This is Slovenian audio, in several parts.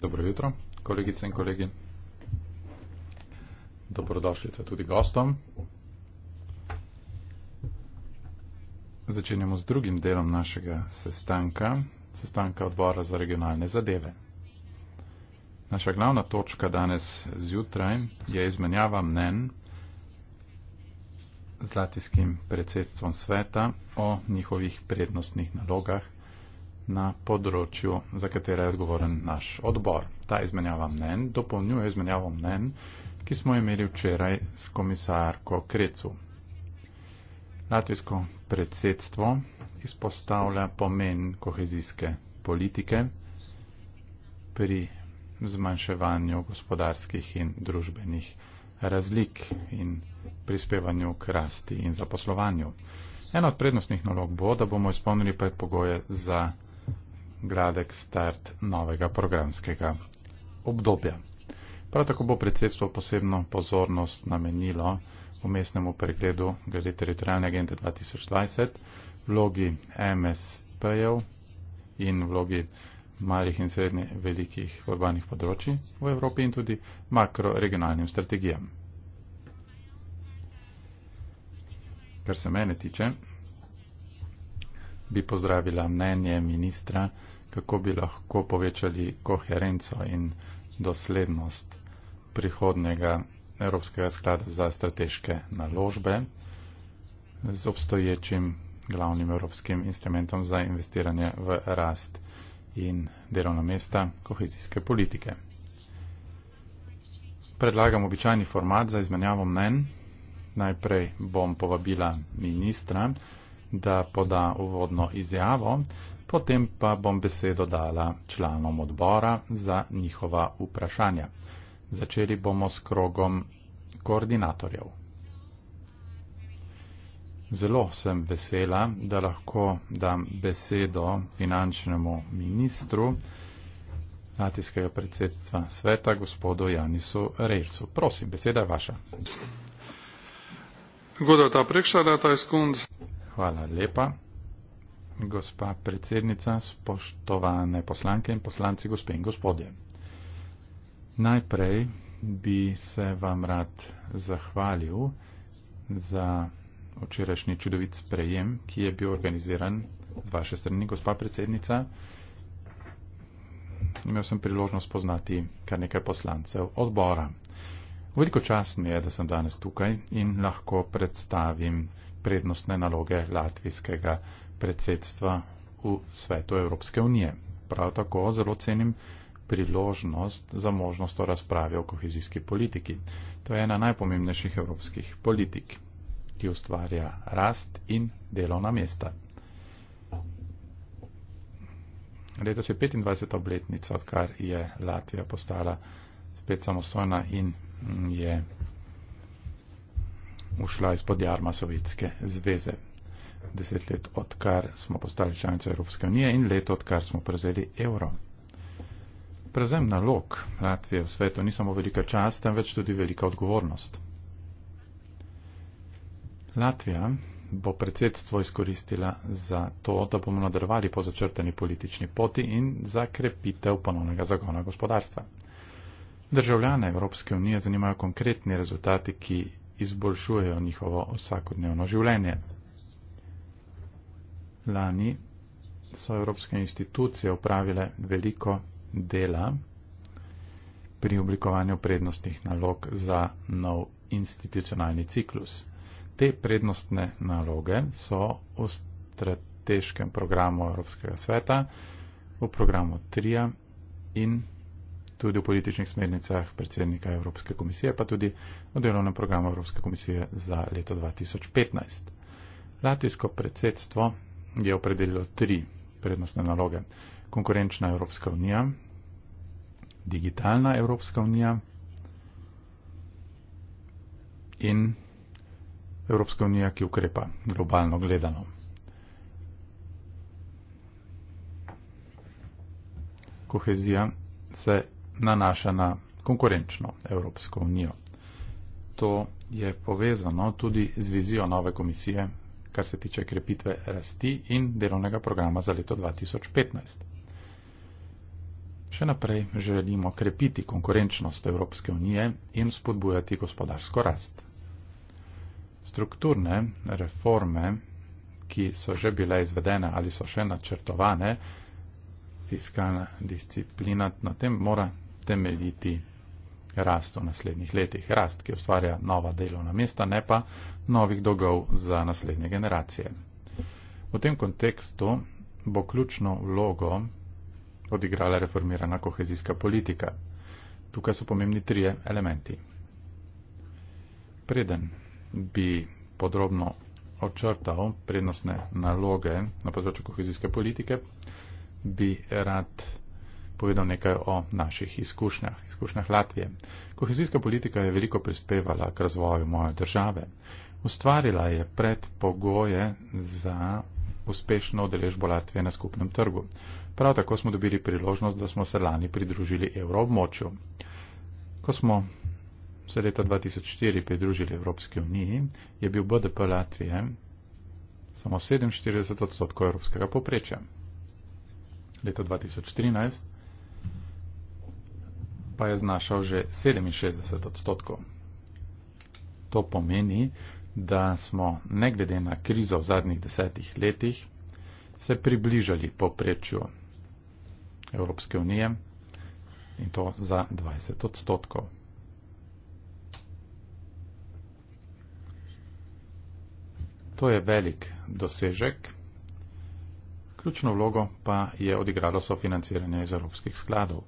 Dobro jutro, kolegice in kolegi. Dobrodošlice tudi gostom. Začenjamo z drugim delom našega sestanka, sestanka odbora za regionalne zadeve. Naša glavna točka danes zjutraj je izmenjava mnen z latvijskim predsedstvom sveta o njihovih prednostnih nalogah na področju, za katero je odgovoren naš odbor. Ta izmenjava mnen dopolnjuje izmenjavo mnen, ki smo imeli včeraj s komisarko Krecu. Latvijsko predsedstvo izpostavlja pomen kohezijske politike pri zmanjševanju gospodarskih in družbenih razlik in prispevanju k rasti in zaposlovanju. Ena od prednostnih nalog bo, da bomo izpolnili predpogoje za gladek start novega programskega obdobja. Prav tako bo predsedstvo posebno pozornost namenilo umestnemu pregledu glede teritorijalne agende 2020, vlogi MSP-jev in vlogi malih in srednje velikih urbanih področji v Evropi in tudi makroregionalnim strategijam. Kar se mene tiče, bi pozdravila mnenje ministra, kako bi lahko povečali koherenco in doslednost prihodnega Evropskega sklada za strateške naložbe z obstoječim glavnim evropskim instrumentom za investiranje v rast in delovna mesta kohezijske politike. Predlagam običajni format za izmenjavo mnen. Najprej bom povabila ministra, da poda uvodno izjavo, potem pa bom besedo dala članom odbora za njihova vprašanja. Začeli bomo s krogom koordinatorjev. Zelo sem vesela, da lahko dam besedo finančnemu ministru Latijskega predsedstva sveta, gospodu Janisu Reilsu. Prosim, beseda je vaša. Godo ta prekšala, ta je skund. Hvala lepa. Gospa predsednica, spoštovane poslanke in poslanci, gospe in gospodje. Najprej bi se vam rad zahvalil za včerajšnji čudovit sprejem, ki je bil organiziran z vaše strani, gospa predsednica. Imel sem priložnost poznati kar nekaj poslancev odbora. Veliko čast mi je, da sem danes tukaj in lahko predstavim prednostne naloge latvijskega predsedstva v svetu Evropske unije. Prav tako zelo cenim priložnost za možnost o razpravi o kohezijski politiki. To je ena najpomembnejših evropskih politik, ki ustvarja rast in delovna mesta. Letos je 25. obletnica, odkar je Latvija postala spet samostojna in je ušla izpod jarma Sovjetske zveze. Deset let odkar smo postali članice Evropske unije in leto odkar smo prevzeli evro. Prezem nalog Latvije v svetu ni samo velika čast, temveč tudi velika odgovornost. Latvija bo predsedstvo izkoristila za to, da bomo nadaljevali po začrtani politični poti in za krepitev ponovnega zagona gospodarstva. Državljane Evropske unije zanimajo konkretni rezultati, ki izboljšujejo njihovo vsakodnevno življenje. Lani so evropske institucije upravile veliko dela pri oblikovanju prednostnih nalog za nov institucionalni ciklus. Te prednostne naloge so v strateškem programu Evropskega sveta, v programu TRIA in tudi v političnih smernicah predsednika Evropske komisije, pa tudi v delovnem programu Evropske komisije za leto 2015. Latvijsko predsedstvo je opredelilo tri prednostne naloge. Konkurenčna Evropska unija, digitalna Evropska unija in Evropska unija, ki ukrepa globalno gledano. Kohezija se nanaša na konkurenčno Evropsko unijo. To je povezano tudi z vizijo nove komisije, kar se tiče krepitve rasti in delovnega programa za leto 2015. Še naprej želimo krepiti konkurenčnost Evropske unije in spodbujati gospodarsko rast. Strukturne reforme, ki so že bile izvedene ali so še načrtovane, fiskalna disciplina na tem mora temeljiti rast v naslednjih letih. Rast, ki ustvarja nova delovna mesta, ne pa novih dolgov za naslednje generacije. V tem kontekstu bo ključno vlogo odigrala reformirana kohezijska politika. Tukaj so pomembni trije elementi. Preden bi podrobno očrtal prednostne naloge na področju kohezijske politike, bi rad povedal nekaj o naših izkušnjah, izkušnjah Latvije. Kohezijska politika je veliko prispevala k razvoju moje države. Ustvarila je predpogoje za uspešno odeležbo Latvije na skupnem trgu. Prav tako smo dobili priložnost, da smo se lani pridružili evroobmočju. Ko smo se leta 2004 pridružili Evropski uniji, je bil BDP Latvije samo 47 odstotkov evropskega poprečja. Leta 2013 pa je znašal že 67 odstotkov. To pomeni, da smo, ne glede na krizo v zadnjih desetih letih, se približali poprečju Evropske unije in to za 20 odstotkov. To je velik dosežek, ključno vlogo pa je odigralo sofinanciranje iz evropskih skladov.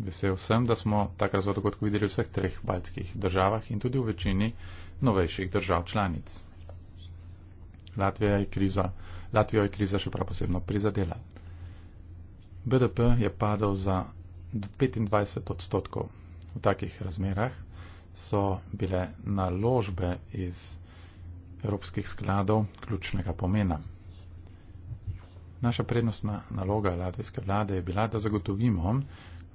Vesel sem, da smo tak razvoj dogodkov videli v vseh treh baltskih državah in tudi v večini novejših držav članic. Latvija je kriza, Latvijo je kriza še prav posebno prizadela. BDP je padal za 25 odstotkov. V takih razmerah so bile naložbe iz evropskih skladov ključnega pomena. Naša prednostna naloga latvijske vlade je bila, da zagotovimo,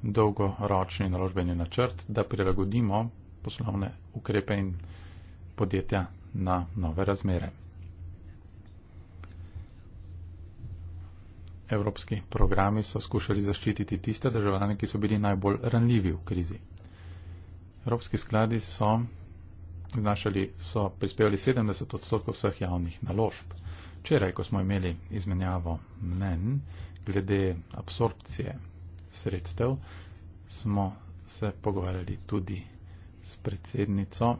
dolgoročni naložbeni načrt, da prilagodimo poslovne ukrepe in podjetja na nove razmere. Evropski programi so skušali zaščititi tiste državljane, ki so bili najbolj ranljivi v krizi. Evropski skladi so, znašali, so prispevali 70 odstotkov vseh javnih naložb. Včeraj, ko smo imeli izmenjavo mnen glede absorpcije sredstev, smo se pogovarjali tudi s predsednico.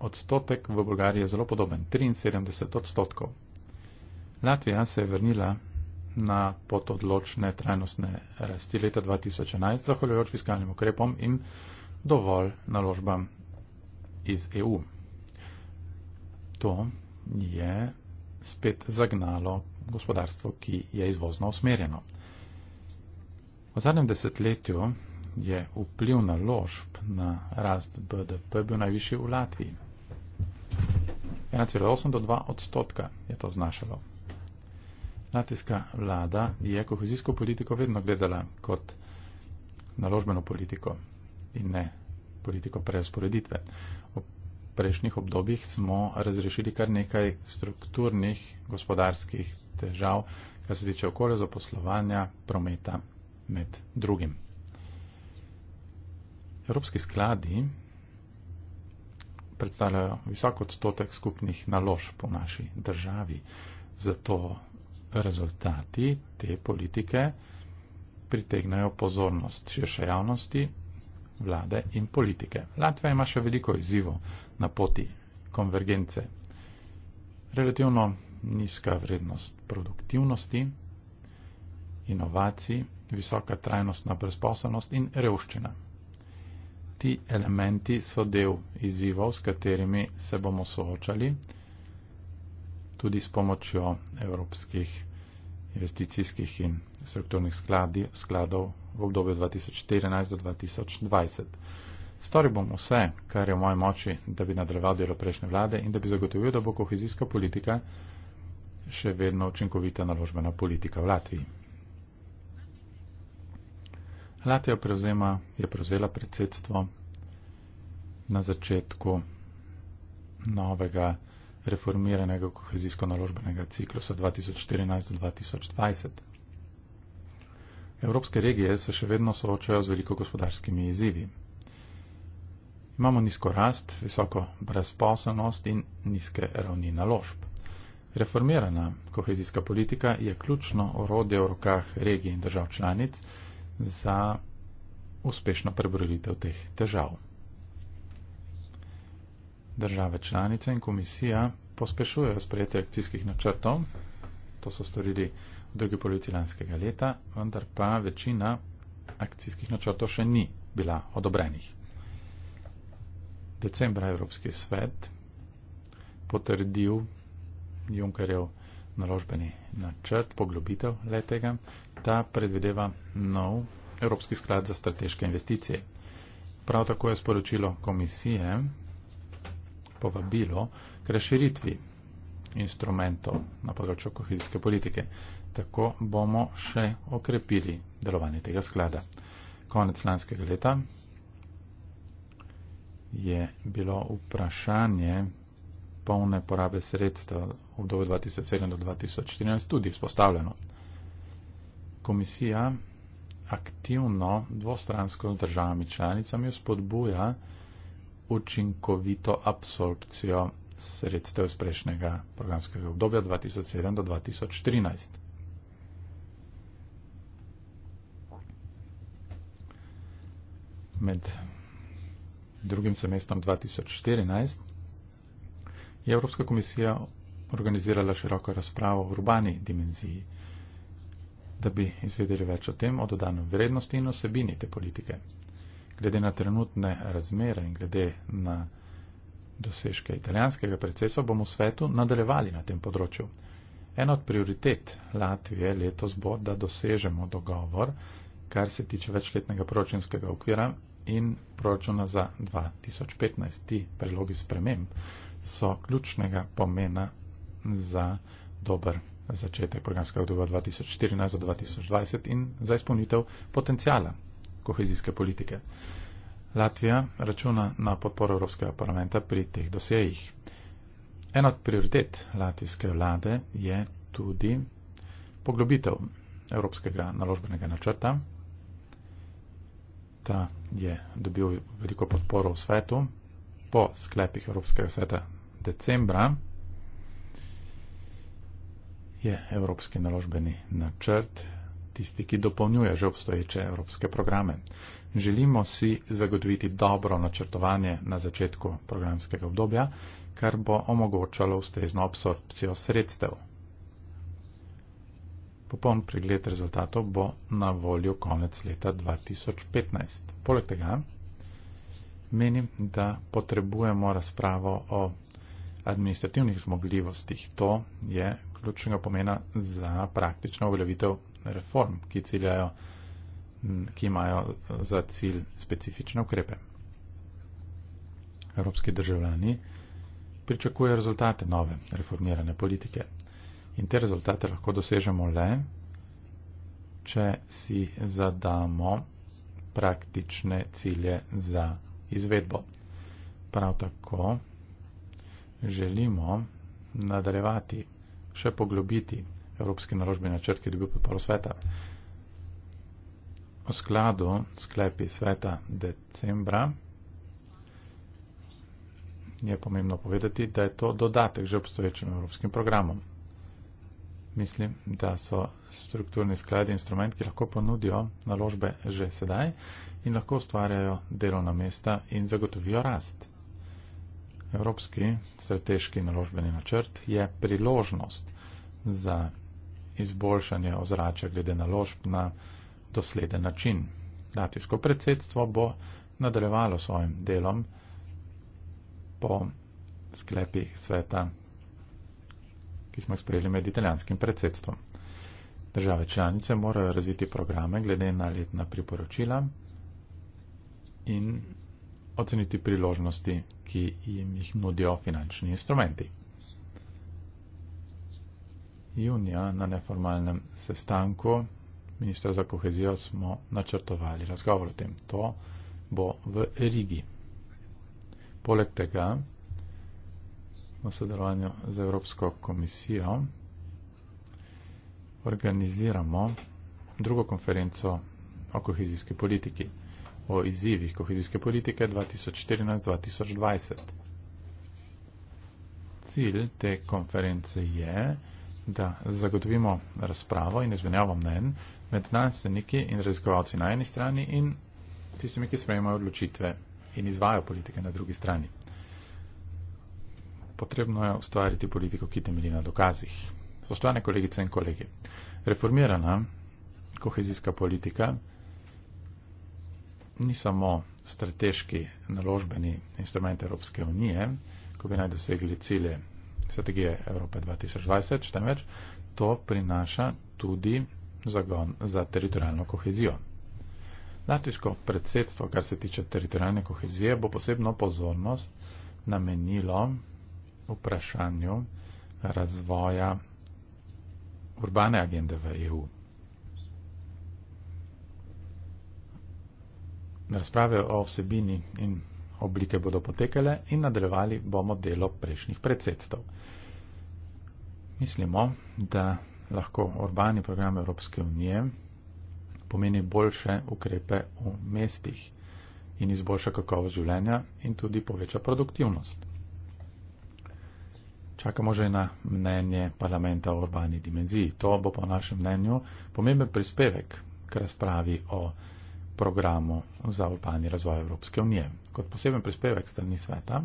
Odstotek v Bolgariji je zelo podoben, 73 odstotkov. Latvija se je vrnila na pot odločne trajnostne rasti leta 2011, zahvaljujoč fiskalnim ukrepom in dovolj naložbam iz EU. To je spet zagnalo gospodarstvo, ki je izvozno usmerjeno. V zadnjem desetletju je vpliv naložb na rast BDP bil najvišji v Latviji. 1,8 do 2 odstotka je to znašalo. Latvijska vlada je kohezijsko politiko vedno gledala kot naložbeno politiko in ne politiko preusporeditve. V prejšnjih obdobjih smo razrešili kar nekaj strukturnih gospodarskih težav, kar se tiče okolja zaposlovanja, prometa med drugim. Evropski skladi predstavljajo visok odstotek skupnih nalož po naši državi, zato rezultati te politike pritegnajo pozornost širše javnosti, vlade in politike. Latvija ima še veliko izzivo na poti konvergence. Relativno nizka vrednost produktivnosti, inovacij visoka trajnostna brezposobnost in revščina. Ti elementi so del izzivov, s katerimi se bomo soočali tudi s pomočjo evropskih investicijskih in strukturnih skladi, skladov v obdobju 2014 do 2020. Storil bom vse, kar je v moji moči, da bi nadaljeval delo prejšnje vlade in da bi zagotovil, da bo kohezijska politika še vedno učinkovita naložbena politika v Latviji. Latvija prevzema, je prevzela predsedstvo na začetku novega reformiranega kohezijsko-naložbenega ciklusa 2014-2020. Evropske regije se še vedno soočajo z veliko gospodarskimi izzivi. Imamo nizko rast, visoko brezposobnost in nizke ravni naložb. Reformirana kohezijska politika je ključno orodje v rokah regij in držav članic, za uspešno prebrojitev teh težav. Države članice in komisija pospešujejo sprejete akcijskih načrtov, to so storili v drugi polovici lanskega leta, vendar pa večina akcijskih načrtov še ni bila odobrenih. Decembra Evropski svet potrdil Junkerjev naložbeni načrt, poglobitev letega, ta predvideva nov Evropski sklad za strateške investicije. Prav tako je sporočilo komisije povabilo k razširitvi instrumentov na področju kohezijske politike. Tako bomo še okrepili delovanje tega sklada. Konec lanskega leta je bilo vprašanje polne porabe sredstev v obdobju 2007 do 2014 tudi izpostavljeno. Komisija aktivno dvostransko z državami članicami spodbuja učinkovito absorpcijo sredstev iz prejšnjega programskega obdobja 2007 do 2014. Med drugim semestrom 2014 je Evropska komisija organizirala široko razpravo o urbani dimenziji, da bi izvedeli več o tem, o dodanem vrednosti in osebini te politike. Glede na trenutne razmere in glede na dosežke italijanskega predsesa bomo v svetu nadaljevali na tem področju. Ena od prioritet Latvije letos bo, da dosežemo dogovor, kar se tiče večletnega proračunskega okvira in proračuna za 2015. Ti predlogi sprememb so ključnega pomena za dober začetek programskega obdobja 2014 do 2020 in za izpolnitev potencijala kohezijske politike. Latvija računa na podporo Evropskega parlamenta pri teh dosejih. En od prioritet latvijske vlade je tudi poglobitev Evropskega naložbenega načrta. Ta je dobil veliko podporo v svetu, po sklepih Evropskega sveta decembra je Evropski naložbeni načrt tisti, ki dopolnjuje že obstoječe evropske programe. Želimo si zagotoviti dobro načrtovanje na začetku programskega obdobja, kar bo omogočalo ustrezno absorpcijo sredstev. Popoln pregled rezultatov bo na voljo konec leta 2015. Poleg tega Menim, da potrebujemo razpravo o administrativnih zmogljivostih. To je ključnega pomena za praktično uveljavitev reform, ki, ciljajo, ki imajo eh, za cilj specifične ukrepe. Evropski državljani pričakujejo rezultate nove reformirane politike in te rezultate lahko dosežemo le, če si zadamo praktične cilje za izvedbo. Prav tako želimo nadaljevati, še poglobiti Evropski naložbi načrt, ki je dobil podporo sveta. V skladu sklepi sveta decembra je pomembno povedati, da je to dodatek že obstoječim evropskim programom. Mislim, da so strukturni skladi instrument, ki lahko ponudijo naložbe že sedaj in lahko ustvarjajo delovna mesta in zagotovijo rast. Evropski strateški naložbeni načrt je priložnost za izboljšanje ozračja glede naložb na dosleden način. Latvijsko predsedstvo bo nadaljevalo svojim delom po sklepih sveta, ki smo jih sprejeli med italijanskim predsedstvom. Države članice morajo razviti programe glede na letna priporočila, in oceniti priložnosti, ki jim jih nudijo finančni instrumenti. Junija na neformalnem sestanku ministra za kohezijo smo načrtovali razgovor o tem. To bo v Rigi. Poleg tega v sodelovanju z Evropsko komisijo organiziramo drugo konferenco o kohezijski politiki o izzivih kohezijske politike 2014-2020. Cilj te konference je, da zagotovimo razpravo in izmenjavo mnen med znanstveniki in raziskovalci na eni strani in tistimi, ki sprejemajo odločitve in izvajo politike na drugi strani. Potrebno je ustvariti politiko, ki temelji na dokazih. Spoštovane kolegice in kolegi, reformirana kohezijska politika ni samo strateški naložbeni instrument Evropske unije, ko bi naj dosegli cilje strategije Evrope 2020, temveč to prinaša tudi zagon za teritorijalno kohezijo. Latvijsko predsedstvo, kar se tiče teritorijalne kohezije, bo posebno pozornost namenilo vprašanju razvoja urbane agende v EU. Razprave o vsebini in oblike bodo potekale in nadaljevali bomo delo prejšnjih predsedstv. Mislimo, da lahko urbani program Evropske unije pomeni boljše ukrepe v mestih in izboljša kakovost življenja in tudi poveča produktivnost. Čakamo že na mnenje parlamenta o urbani dimenziji. To bo po našem mnenju pomemben prispevek k razpravi o programu za urbani razvoj Evropske unije. Kot poseben prispevek strani sveta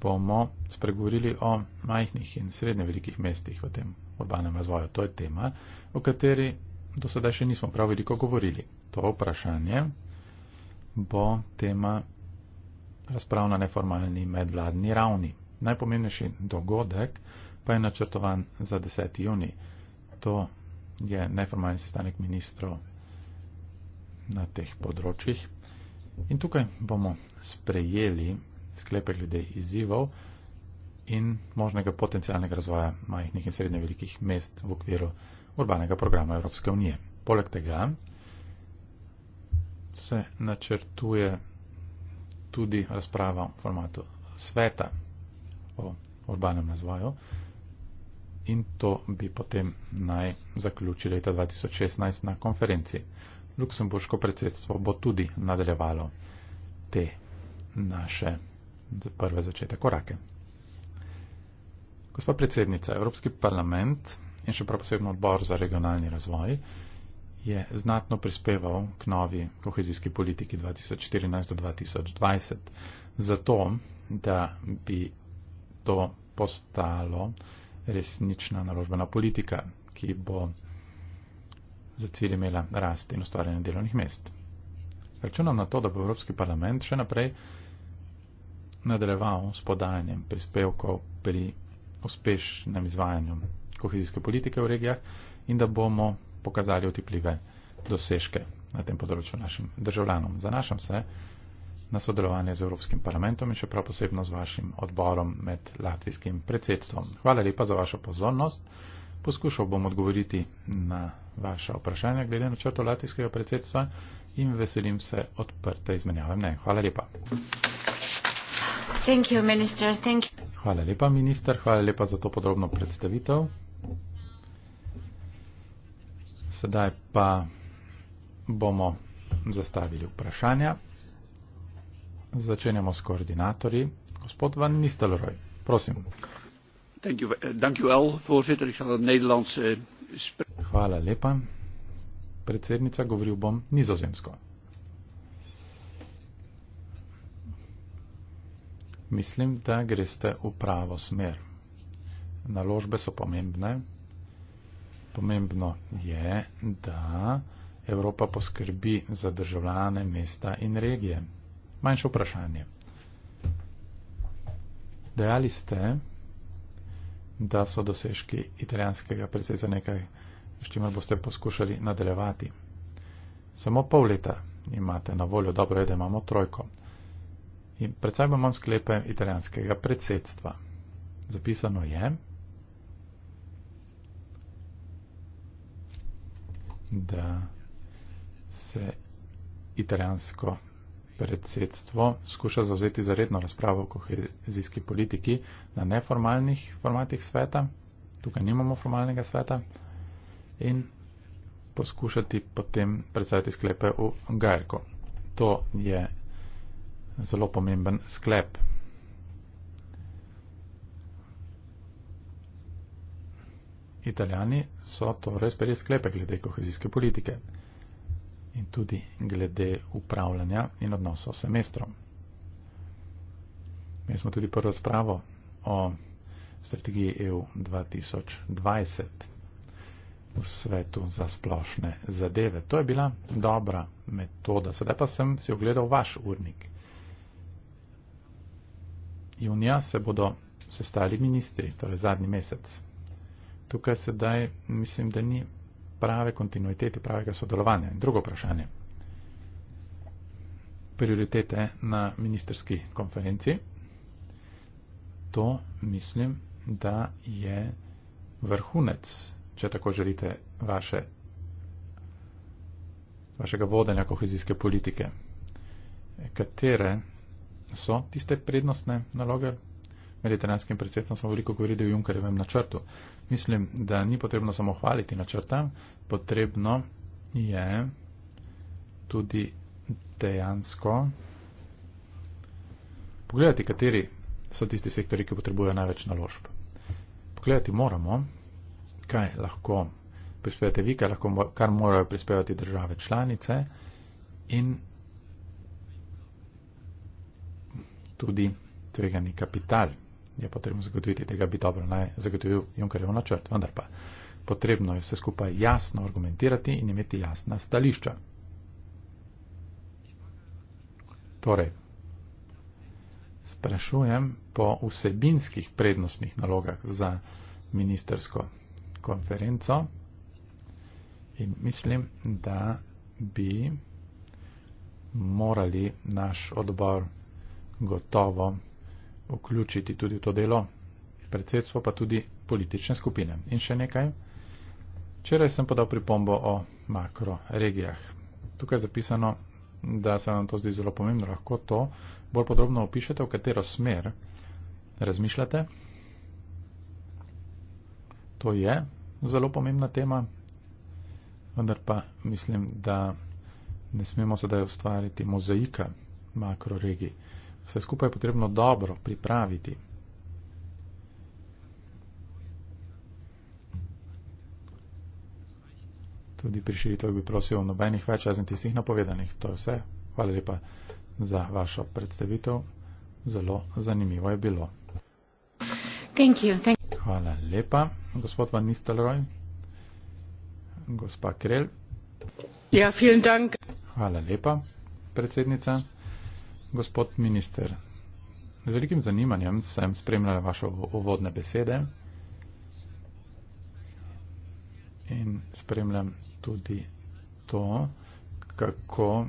bomo spregovorili o majhnih in srednje velikih mestih v tem urbanem razvoju. To je tema, o kateri do sedaj še nismo prav veliko govorili. To vprašanje bo tema razprav na neformalni medvladni ravni. Najpomembnejši dogodek pa je načrtovan za 10. juni. To je neformalni sestanek ministrov na teh področjih. In tukaj bomo sprejeli sklepe glede izzivov in možnega potencijalnega razvoja majhnih in srednje velikih mest v okviru urbanega programa Evropske unije. Poleg tega se načrtuje tudi razprava v formatu sveta o urbanem razvoju in to bi potem naj zaključili leta 2016 na konferenciji. Luksemburško predsedstvo bo tudi nadaljevalo te naše prve začete korake. Gospa predsednica, Evropski parlament in še prav posebno odbor za regionalni razvoj je znatno prispeval k novi kohezijski politiki 2014-2020, zato da bi to postalo resnična naložbena politika, ki bo za cilj imela rast in ustvarjanje delovnih mest. Računam na to, da bo Evropski parlament še naprej nadaljeval s podajanjem prispevkov pri uspešnem izvajanju kohezijske politike v regijah in da bomo pokazali otipljive dosežke na tem področju našim državljanom. Zanašam se na sodelovanje z Evropskim parlamentom in še prav posebno z vašim odborom med latvijskim predsedstvom. Hvala lepa za vašo pozornost. Poskušal bom odgovoriti na vaša vprašanja glede na črto latijskega predsedstva in veselim se odprte izmenjave mnenj. Hvala lepa. Thank you, minister. Thank you. Hvala lepa, minister. Hvala lepa za to podrobno predstavitev. Sedaj pa bomo zastavili vprašanja. Začenjamo s koordinatorji. Gospod Van Nistelrooy, prosim. Dank u wel, voorzitter. Ik zal het Nederlands uh, spreken. Hvala lepa. Predsednica, govoril bom nizozemsko. Mislim, da greste v pravo smer. Naložbe so pomembne. Pomembno je, da Evropa poskrbi za državljane, mesta in regije. Manjše vprašanje. Dejali ste, da so dosežki italijanskega predsednika nekaj s čimer boste poskušali nadaljevati. Samo pol leta imate na voljo, dobro je, da imamo trojko. In predvsem imam sklepe italijanskega predsedstva. Zapisano je, da se italijansko predsedstvo skuša zauzeti za redno razpravo o kohezijski politiki na neformalnih formatih sveta. Tukaj nimamo formalnega sveta in poskušati potem predstaviti sklepe v gajko. To je zelo pomemben sklep. Italijani so torej sprejeli sklepe glede kohezijske politike in tudi glede upravljanja in odnosov s semestrom. Imeli smo tudi prvo spravo o strategiji EU 2020 v svetu za splošne zadeve. To je bila dobra metoda. Sedaj pa sem si ogledal vaš urnik. Junija se bodo sestali ministri, torej zadnji mesec. Tukaj sedaj mislim, da ni prave kontinuitete, pravega sodelovanja. Drugo vprašanje. Prioritete na ministerski konferenci. To mislim, da je vrhunec če tako želite, vaše, vašega vodenja kohezijske politike. Katere so tiste prednostne naloge? Med italijanskim predsedstvom smo veliko govorili o Junkerjevem načrtu. Mislim, da ni potrebno samo hvaliti načrta, potrebno je tudi dejansko pogledati, kateri so tisti sektori, ki potrebujejo največ naložb. Pogledati moramo, kaj lahko prispevate vi, kaj, lahko, kar morajo prispevati države članice in tudi tvegani kapital. Je potrebno zagotoviti, tega bi dobro naj zagotovil Junkerjev načrt, vendar pa potrebno je vse skupaj jasno argumentirati in imeti jasna stališča. Torej, sprašujem po vsebinskih prednostnih nalogah za ministersko konferenco in mislim, da bi morali naš odbor gotovo vključiti tudi v to delo, predsedstvo pa tudi politične skupine. In še nekaj. Včeraj sem podal pripombo o makroregijah. Tukaj je zapisano, da se vam to zdi zelo pomembno. Lahko to bolj podrobno opišete, v katero smer razmišljate, to je zelo pomembna tema, vendar pa mislim, da ne smemo sedaj ustvariti mozaika makroregij. Vse skupaj je potrebno dobro pripraviti. Tudi pri širitvah bi prosil nobenih več razen tistih napovedanih. To je vse. Hvala lepa za vašo predstavitev. Zelo zanimivo je bilo. Thank you. Thank you. Hvala lepa gospod Van Nistelrooy, gospa Krel. Ja, vielen Dank. Hvala lepa, predsednica. Gospod minister, z velikim zanimanjem sem spremljala vaše uvodne besede in spremljam tudi to, kako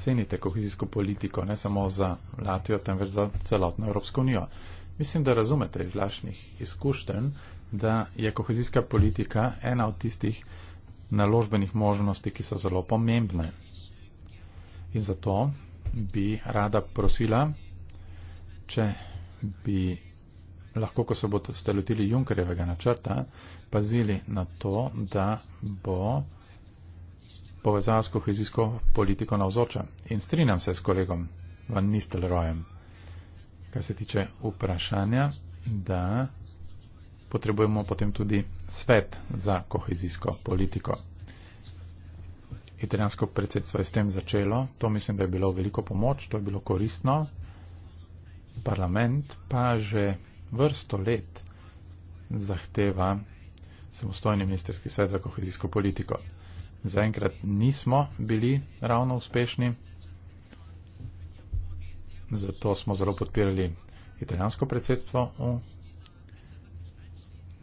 cenite kohezijsko politiko, ne samo za Latvijo, temveč za celotno Evropsko unijo. Mislim, da razumete iz lašnih izkušenj, da je kohezijska politika ena od tistih naložbenih možnosti, ki so zelo pomembne. In zato bi rada prosila, če bi lahko, ko se boste lotili Junkerjevega načrta, pazili na to, da bo povezava s kohezijsko politiko navzoča. In strinjam se s kolegom Van Nistelrojem kar se tiče vprašanja, da potrebujemo potem tudi svet za kohezijsko politiko. Italijansko predsedstvo je s tem začelo, to mislim, da je bilo veliko pomoč, to je bilo koristno. Parlament pa že vrsto let zahteva samostojni ministerski svet za kohezijsko politiko. Zaenkrat nismo bili ravno uspešni, Zato smo zelo podpirali italijansko predsedstvo v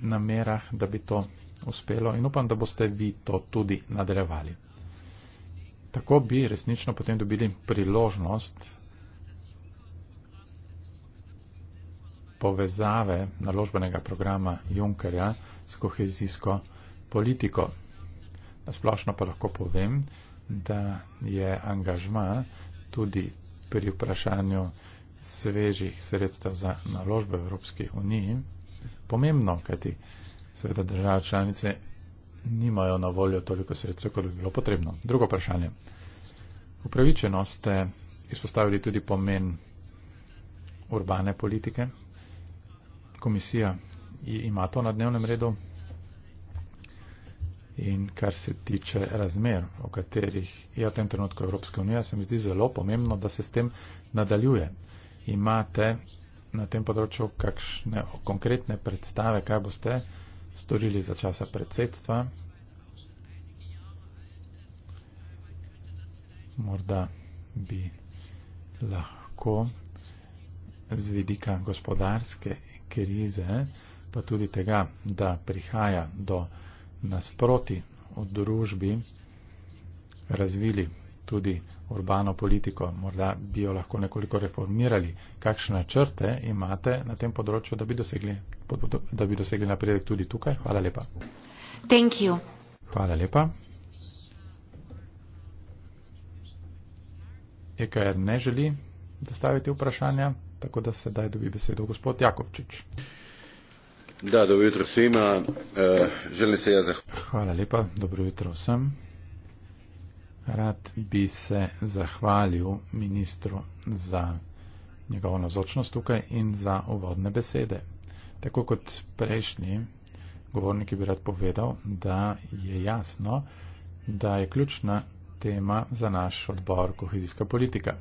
namerah, da bi to uspelo in upam, da boste vi to tudi nadaljevali. Tako bi resnično potem dobili priložnost povezave naložbenega programa Junkerja s kohezijsko politiko. Na splošno pa lahko povem, da je angažma tudi pri vprašanju svežih sredstev za naložbe v Evropski uniji pomembno, kajti seveda države članice nimajo na voljo toliko sredstev, kot bi bilo potrebno. Drugo vprašanje. Upravičeno ste izpostavili tudi pomen urbane politike. Komisija ima to na dnevnem redu in kar se tiče razmer, o katerih je v tem trenutku Evropska unija, se mi zdi zelo pomembno, da se s tem nadaljuje. Imate na tem področju kakšne konkretne predstave, kaj boste storili za časa predsedstva? Morda bi lahko z vidika gospodarske krize, pa tudi tega, da prihaja do nasproti v družbi razvili tudi urbano politiko, morda bi jo lahko nekoliko reformirali. Kakšne črte imate na tem področju, da bi dosegli, da bi dosegli napredek tudi tukaj? Hvala lepa. Thank you. Hvala lepa. EKR ne želi zastaviti vprašanja, tako da sedaj dobi besedo gospod Jakovčič. Da, dobro jutro svima. E, želim se ja zahvaliti. Hvala lepa, dobro jutro vsem. Rad bi se zahvalil ministru za njegovo nazočnost tukaj in za uvodne besede. Tako kot prejšnji govornik bi rad povedal, da je jasno, da je ključna tema za naš odbor kohezijska politika.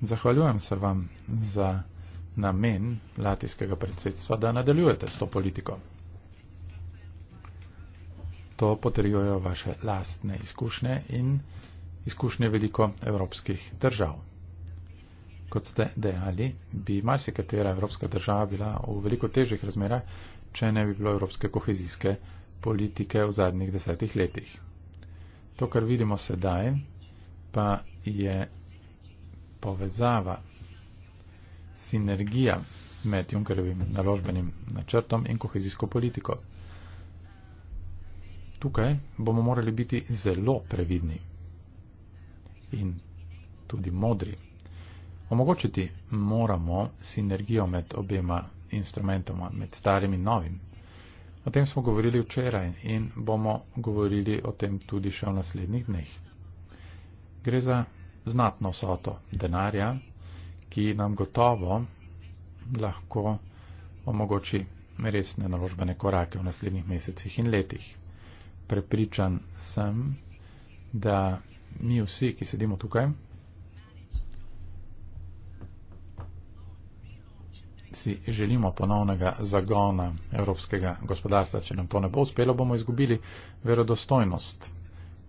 Zahvaljujem se vam za namen latijskega predsedstva, da nadaljujete s to politiko. To potrjujejo vaše lastne izkušnje in izkušnje veliko evropskih držav. Kot ste dejali, bi marsikatera evropska država bila v veliko težjih razmerah, če ne bi bilo evropske kohezijske politike v zadnjih desetih letih. To, kar vidimo sedaj, pa je povezava sinergija med Junkerjevim naložbenim načrtom in kohezijsko politiko. Tukaj bomo morali biti zelo previdni in tudi modri. Omogočiti moramo sinergijo med obema instrumentoma, med starim in novim. O tem smo govorili včeraj in bomo govorili o tem tudi še v naslednjih dneh. Gre za znatno soto denarja, ki nam gotovo lahko omogoči resne naložbene korake v naslednjih mesecih in letih. Prepričan sem, da mi vsi, ki sedimo tukaj, si želimo ponovnega zagona evropskega gospodarstva. Če nam to ne bo uspelo, bomo izgubili verodostojnost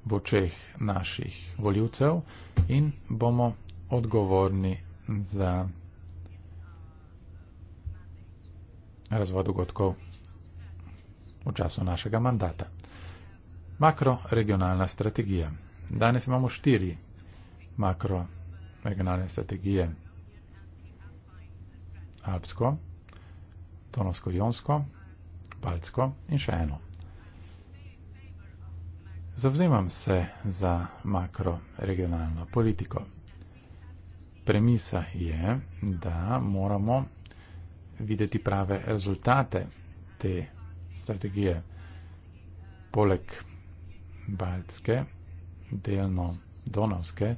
v očeh naših voljivcev in bomo odgovorni za razvoj dogodkov v času našega mandata. Makroregionalna strategija. Danes imamo štiri makroregionalne strategije. Alpsko, Tonovsko-Jonsko, Baltsko in še eno. Zavzemam se za makroregionalno politiko premisa je, da moramo videti prave rezultate te strategije. Poleg Baltske, delno Donavske,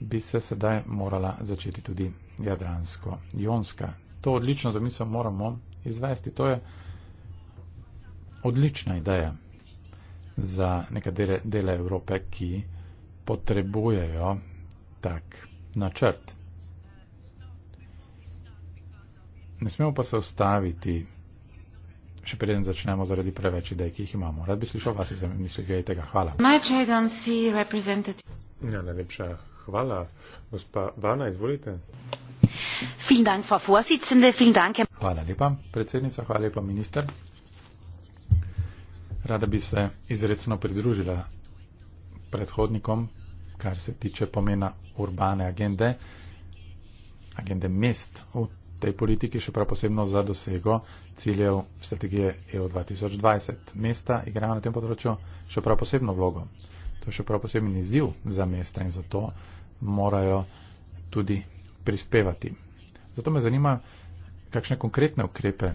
bi se sedaj morala začeti tudi Jadransko-Jonska. To odlično zamisel moramo izvesti. To je odlična ideja za nekatere dele Evrope, ki potrebujejo tak načrt. Ne smemo pa se ostaviti, še preden začnemo zaradi preveč idej, ki jih imamo. Rad bi slišal vas, da mislite, da je tega. Hvala. Ja, najlepša hvala. Gospa Vana, izvolite. Hvala lepa, predsednica, hvala lepa, minister. Rada bi se izredno pridružila predhodnikom kar se tiče pomena urbane agende, agende mest v tej politiki, še prav posebno za dosego ciljev strategije EU 2020. Mesta igrajo na tem področju še prav posebno vlogo. To je še prav poseben izziv za mesta in zato morajo tudi prispevati. Zato me zanima, kakšne konkretne ukrepe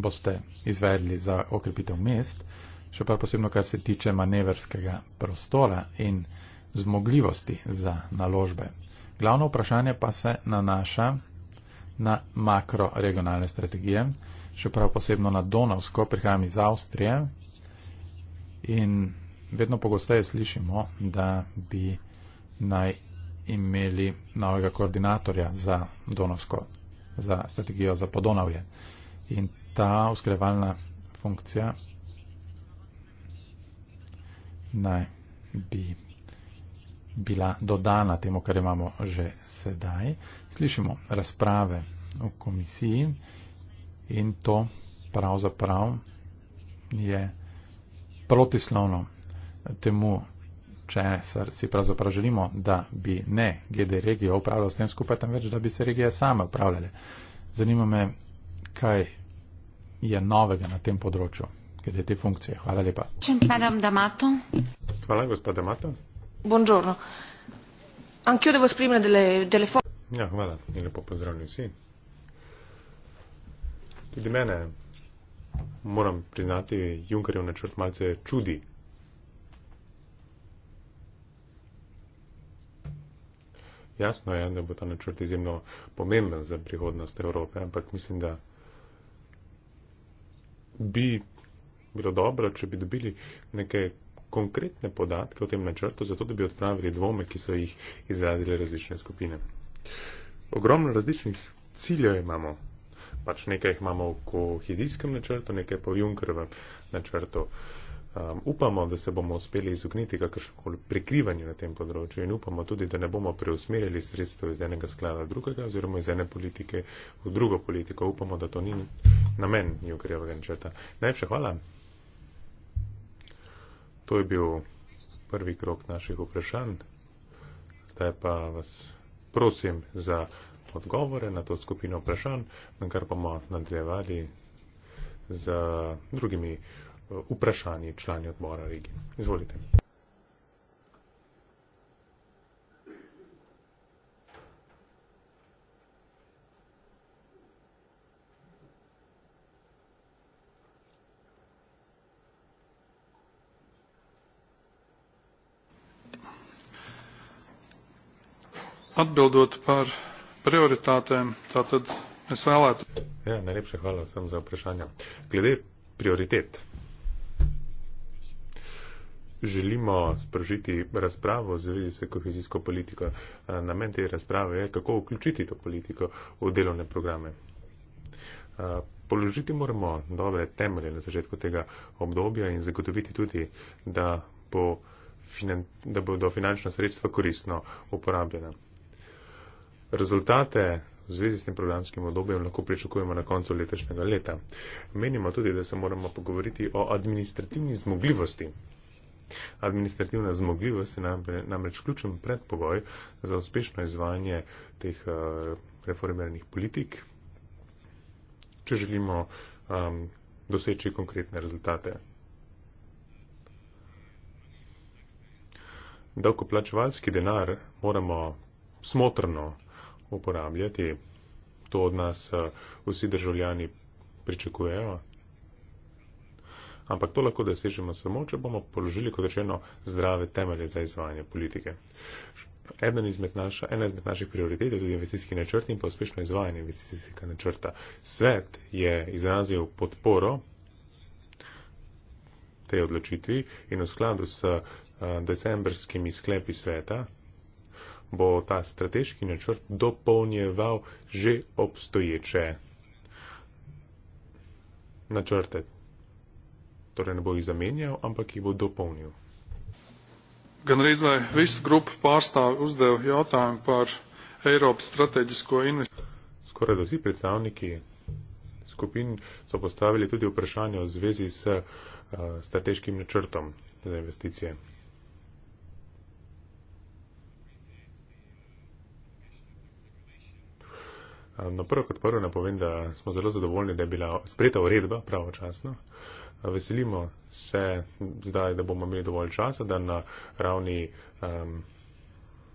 boste izvedli za okrepitev mest še pa posebno, kar se tiče manevrskega prostora in zmogljivosti za naložbe. Glavno vprašanje pa se nanaša na makroregionalne strategije, še prav posebno na Donovsko, prihajam iz Avstrije in vedno pogosteje slišimo, da bi naj imeli novega koordinatorja za Donovsko, za strategijo za Podonavje. In ta uskrevalna funkcija naj bi bila dodana temu, kar imamo že sedaj. Slišimo razprave v komisiji in to pravzaprav je protislovno temu, če si pravzaprav želimo, da bi ne GD regija upravljala s tem skupaj, temveč da bi se regije same upravljale. Zanima me, kaj je novega na tem področju glede te funkcije. Hvala lepa. Hvala, gospod Damato. Ja, hvala in lepo pozdravljeni vsi. Tudi mene moram priznati, Junkerjev načrt malce čudi. Jasno je, da bo ta načrt izjemno pomemben za prihodnost Evrope, ampak mislim, da bi bilo dobro, če bi dobili neke konkretne podatke o tem načrtu, zato da bi odpravili dvome, ki so jih izrazile različne skupine. Ogromno različnih ciljev imamo. Pač nekaj jih imamo v kohezijskem načrtu, nekaj pa v Junkerovem načrtu. Um, upamo, da se bomo uspeli izogniti kakršnokoli prekrivanju na tem področju in upamo tudi, da ne bomo preusmerili sredstva iz enega sklada drugega oziroma iz ene politike v drugo politiko. Upamo, da to ni namen Junkerovega načrta. Najlepša hvala. To je bil prvi krok naših vprašanj. Zdaj pa vas prosim za odgovore na to skupino vprašanj, na kar bomo nadaljevali z drugimi eh, vprašanji člani odbora regije. Izvolite. atbildot par prioritātēm, tātad es vēlētu. Jā, nelipši hvala sam za uprašanja. Glede prioritet. Želimo sprožiti razpravo v zvezi s kohezijsko politiko. Namen te razprave je, kako vključiti to politiko v delovne programe. Položiti moramo dobre temelje na začetku tega obdobja in zagotoviti tudi, da, bo finan, da bodo finančna sredstva koristno uporabljena rezultate v zvezi s tem programskim obdobjem lahko pričakujemo na koncu letošnjega leta. Menimo tudi, da se moramo pogovoriti o administrativni zmogljivosti. Administrativna zmogljivost je namreč ključen predpogoj za uspešno izvajanje teh eh, reformiranih politik, če želimo um, doseči konkretne rezultate. Davkoplačevalski denar moramo smotrno uporabljati. To od nas eh, vsi državljani pričakujejo. Ampak to lahko dosežemo samo, če bomo položili, kot rečeno, zdrave temelje za izvajanje politike. Eden izmed naša, ena izmed naših prioritet je tudi investicijski načrt in pa uspešno izvajanje investicijskega načrta. Svet je izrazil podporo tej odločitvi in v skladu s eh, decembrskimi sklepi sveta bo ta strateški načrt dopolnjeval že obstoječe načrte. Torej ne bo jih zamenjal, ampak jih bo dopolnil. Skoraj vsi predstavniki skupin so postavili tudi vprašanje v zvezi s eh, strateškim načrtom za investicije. Ehm, na no, prvo kot prvo napovem, da smo zelo zadovoljni, da je bila spreta uredba pravočasno. Ehm, veselimo se zdaj, da bomo imeli dovolj časa, da na ravni um,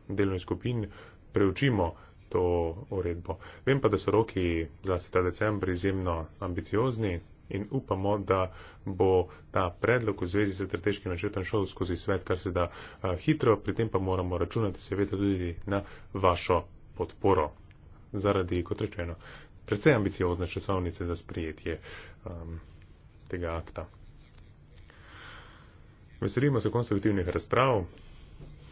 delovnih skupin preučimo to uredbo. Vem pa, da so roki za ta decembr izjemno ambiciozni in upamo, da bo ta predlog v zvezi s strateškim načrtom šel skozi svet, kar se da uh, hitro, pri tem pa moramo računati seveda tudi na vašo podporo zaradi, kot rečeno, predvsej ambiciozne časovnice za sprijetje um, tega akta. Veselimo se konstruktivnih razprav,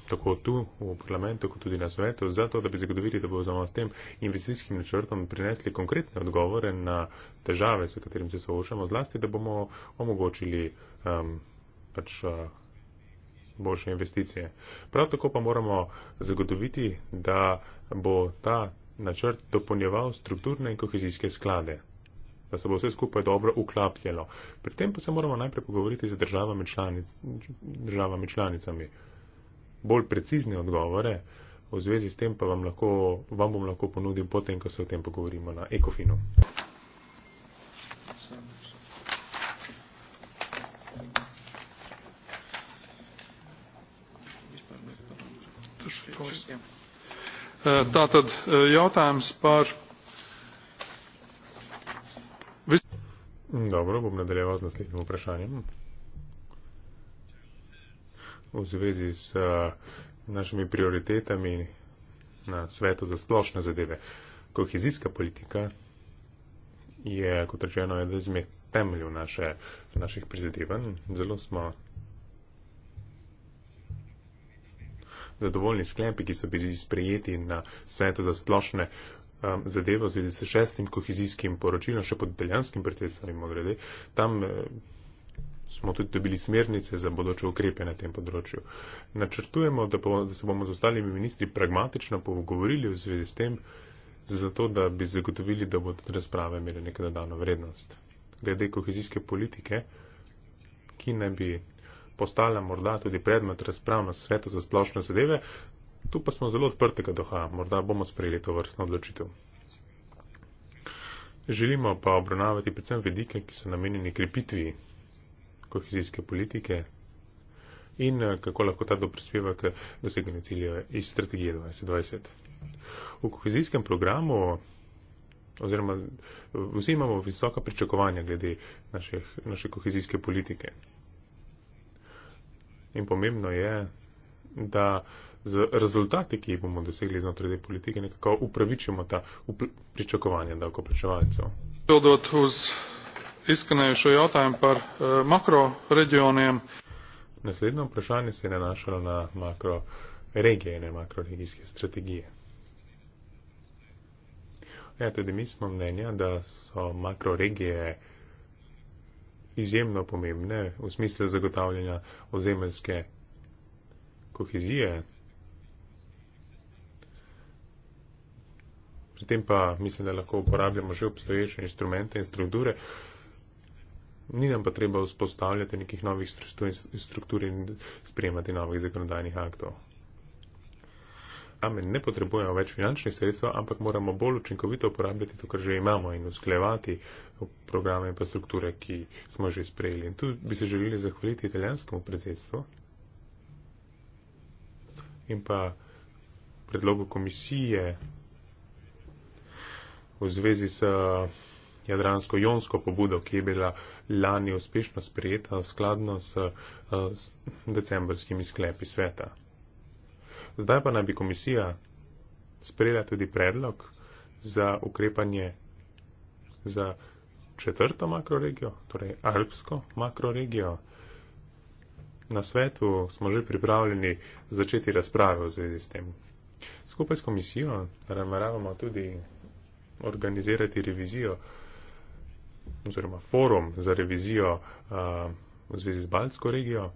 tako tu v parlamentu, kot tudi na svetu, zato, da bi zagotovili, da bomo s tem investicijskim načrtom prinesli konkretne odgovore na težave, s katerim se soočamo, zlasti, da bomo omogočili um, pač. Uh, boljše investicije. Prav tako pa moramo zagotoviti, da bo ta načrt dopolnjeval strukturne in kohezijske sklade, da se bo vse skupaj dobro uklapljalo. Pri tem pa se moramo najprej pogovoriti z državami, članic, državami članicami. Bolj precizne odgovore v zvezi s tem pa vam, lahko, vam bom lahko ponudil potem, ko se o tem pogovorimo na Ekofinu. Спасибо. Eh, tātad eh, jautājums par. Dobro, bom nadaljeval z naslednjim vprašanjem. V zvezi s uh, našimi prioritetami na svetu za splošne zadeve. Kohezijska politika je, kot rečeno, eden izmed temeljev naše, naših prizadevanj. Zelo smo zadovoljni sklepi, ki so bili sprejeti na svetu za splošne um, zadeve v zvezi s šestim kohezijskim poročilom, še pod italijanskim predsednikom odrede. Tam eh, smo tudi dobili smernice za bodoče ukrepe na tem področju. Načrtujemo, da, bo, da se bomo z ostalimi ministri pragmatično pogovorili v zvezi s tem, zato da bi zagotovili, da bodo razprave imele neko dodano vrednost. Glede kohezijske politike, ki naj bi postala morda tudi predmet razprav na svetu za splošne zadeve, tu pa smo zelo odprtega doha, morda bomo sprejeli to vrstno odločitev. Želimo pa obravnavati predvsem vedike, ki so namenjeni krepitvi kohezijske politike in eh, kako lahko ta doprispeva k doseganju ciljev iz strategije 2020. V kohezijskem programu oziroma eh, vsi imamo visoka pričakovanja glede naše, naše kohezijske politike. In pomembno je, da z rezultati, ki jih bomo dosegli znotraj te politike, nekako upravičimo ta up pričakovanja davkoplačevalcev. Eh, Naslednje vprašanje se je nanašalo na makroregije in makroregijske strategije. Ja, tudi mi smo mnenja, da so makroregije izjemno pomembne v smislu zagotavljanja ozemeljske kohezije. Pri tem pa mislim, da lahko uporabljamo že obstoječe instrumente in strukture. Ni nam pa treba vzpostavljati nekih novih struktur in sprejemati novih zakonodajnih aktov programe ne potrebujemo več finančnih sredstva, ampak moramo bolj učinkovito uporabljati to, kar že imamo in usklevati programe in pa strukture, ki smo že sprejeli. In tu bi se želeli zahvaliti italijanskemu predsedstvu in pa predlogu komisije v zvezi s jadransko-jonsko pobudo, ki je bila lani uspešno sprejeta skladno s, eh, s decembrskimi sklepi sveta. Zdaj pa naj bi komisija sprejela tudi predlog za ukrepanje za četrto makroregijo, torej alpsko makroregijo. Na svetu smo že pripravljeni začeti razprave v zvezi s tem. Skupaj s komisijo nameravamo tudi organizirati revizijo oziroma forum za revizijo uh, v zvezi z Balsko regijo,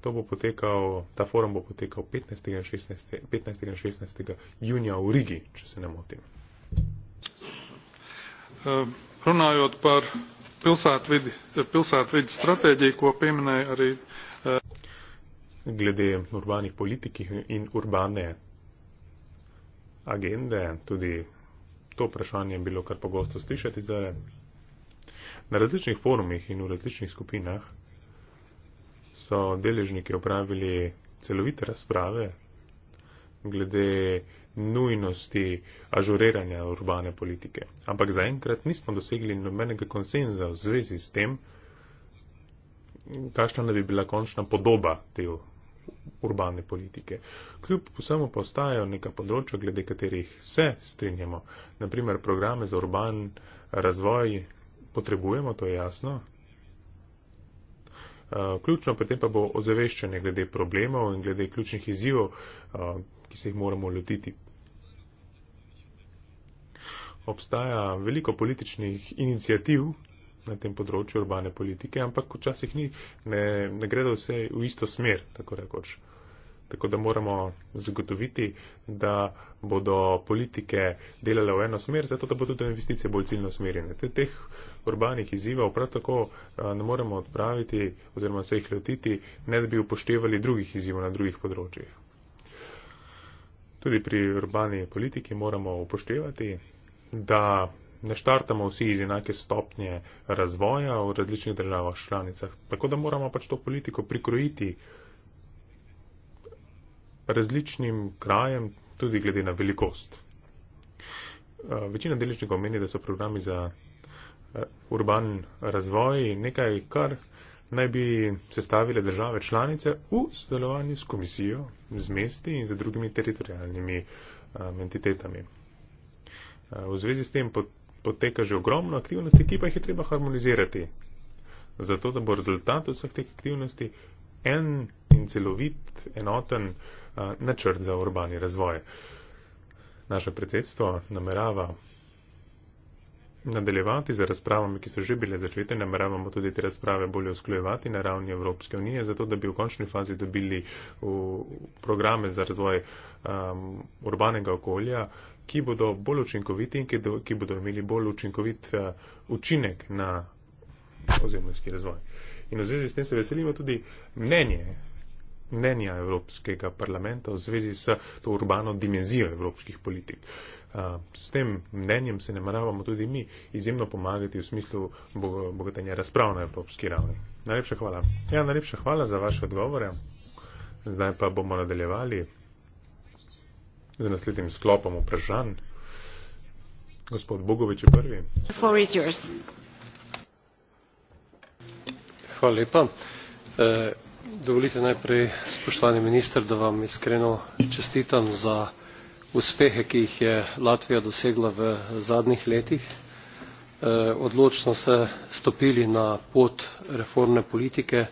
to bo potekal, ta forum bo potekal 15. in 16. 15. In 16. junija v Rigi, če se ne motim. Eh, runājot par pilsētvidi, pilsētvidi stratēģiju, ko pieminēja arī. Eh, Glede urbānih politiki in urbāne agende, tudi to vprašanje bilo kar pogosto slišati zdaj. Na različnih forumih in v različnih skupinah so deležniki opravili celovite razprave glede nujnosti ažuriranja urbane politike. Ampak zaenkrat nismo dosegli nobenega konsenza v zvezi s tem, kakšna naj bi bila končna podoba te urbane politike. Kljub vsemu pa ostajajo neka področja, glede katerih se strinjamo. Naprimer, programe za urban razvoj potrebujemo, to je jasno, Eh, ključno pri tem pa bo ozaveščanje glede problemov in glede ključnih izzivov, eh, ki se jih moramo lotiti. Obstaja veliko političnih inicijativ na tem področju urbane politike, ampak včasih ni, ne, ne gredo vse v isto smer, tako rekoč. Tako da moramo zagotoviti, da bodo politike delale v eno smer, zato da bodo tudi investicije bolj ciljno smerjene. Te, teh urbanih izzivov prav tako ne moremo odpraviti oziroma se jih lotiti, ne da bi upoštevali drugih izzivov na drugih področjih. Tudi pri urbani politiki moramo upoštevati, da ne štartamo vsi iz enake stopnje razvoja v različnih državah članicah. Tako da moramo pač to politiko prikrojiti različnim krajem, tudi glede na velikost. Eh, večina deležnikov meni, da so programi za eh, urban razvoj nekaj, kar naj bi sestavile države članice v sodelovanju s komisijo, z mesti in z drugimi teritorijalnimi eh, entitetami. V zvezi s tem poteka že ogromno aktivnosti, ki pa jih je treba harmonizirati, zato da bo rezultat vseh teh aktivnosti en in celovit, enoten eh, načrt za urbani razvoj. Naše predsedstvo namerava nadaljevati z razpravami, ki so že bile začete, nameravamo tudi te razprave bolje usklojevati na ravni Evropske unije, zato da bi v končni fazi dobili v programe za razvoj um, urbanega okolja, ki bodo bolj učinkoviti in ki, do, ki bodo imeli bolj učinkovit uh, učinek na ozemljski razvoj. In v zvezi s tem se veselimo tudi mnenje, mnenja Evropskega parlamenta v zvezi s to urbano dimenzijo evropskih politik. S tem mnenjem se ne maravamo tudi mi izjemno pomagati v smislu bogatenja razprav na evropski ravni. Najlepša hvala. Ja, najlepša hvala za vaše odgovore. Zdaj pa bomo nadaljevali z naslednjim sklopom vprašanj. Gospod Bogovič je prvi. The floor is yours. E, dovolite najprej spoštovani minister da vam iskreno čestitam za uspehe ki jih je latvija dosegla v zadnjih letih. E, odločno ste stopili na pot reformne politike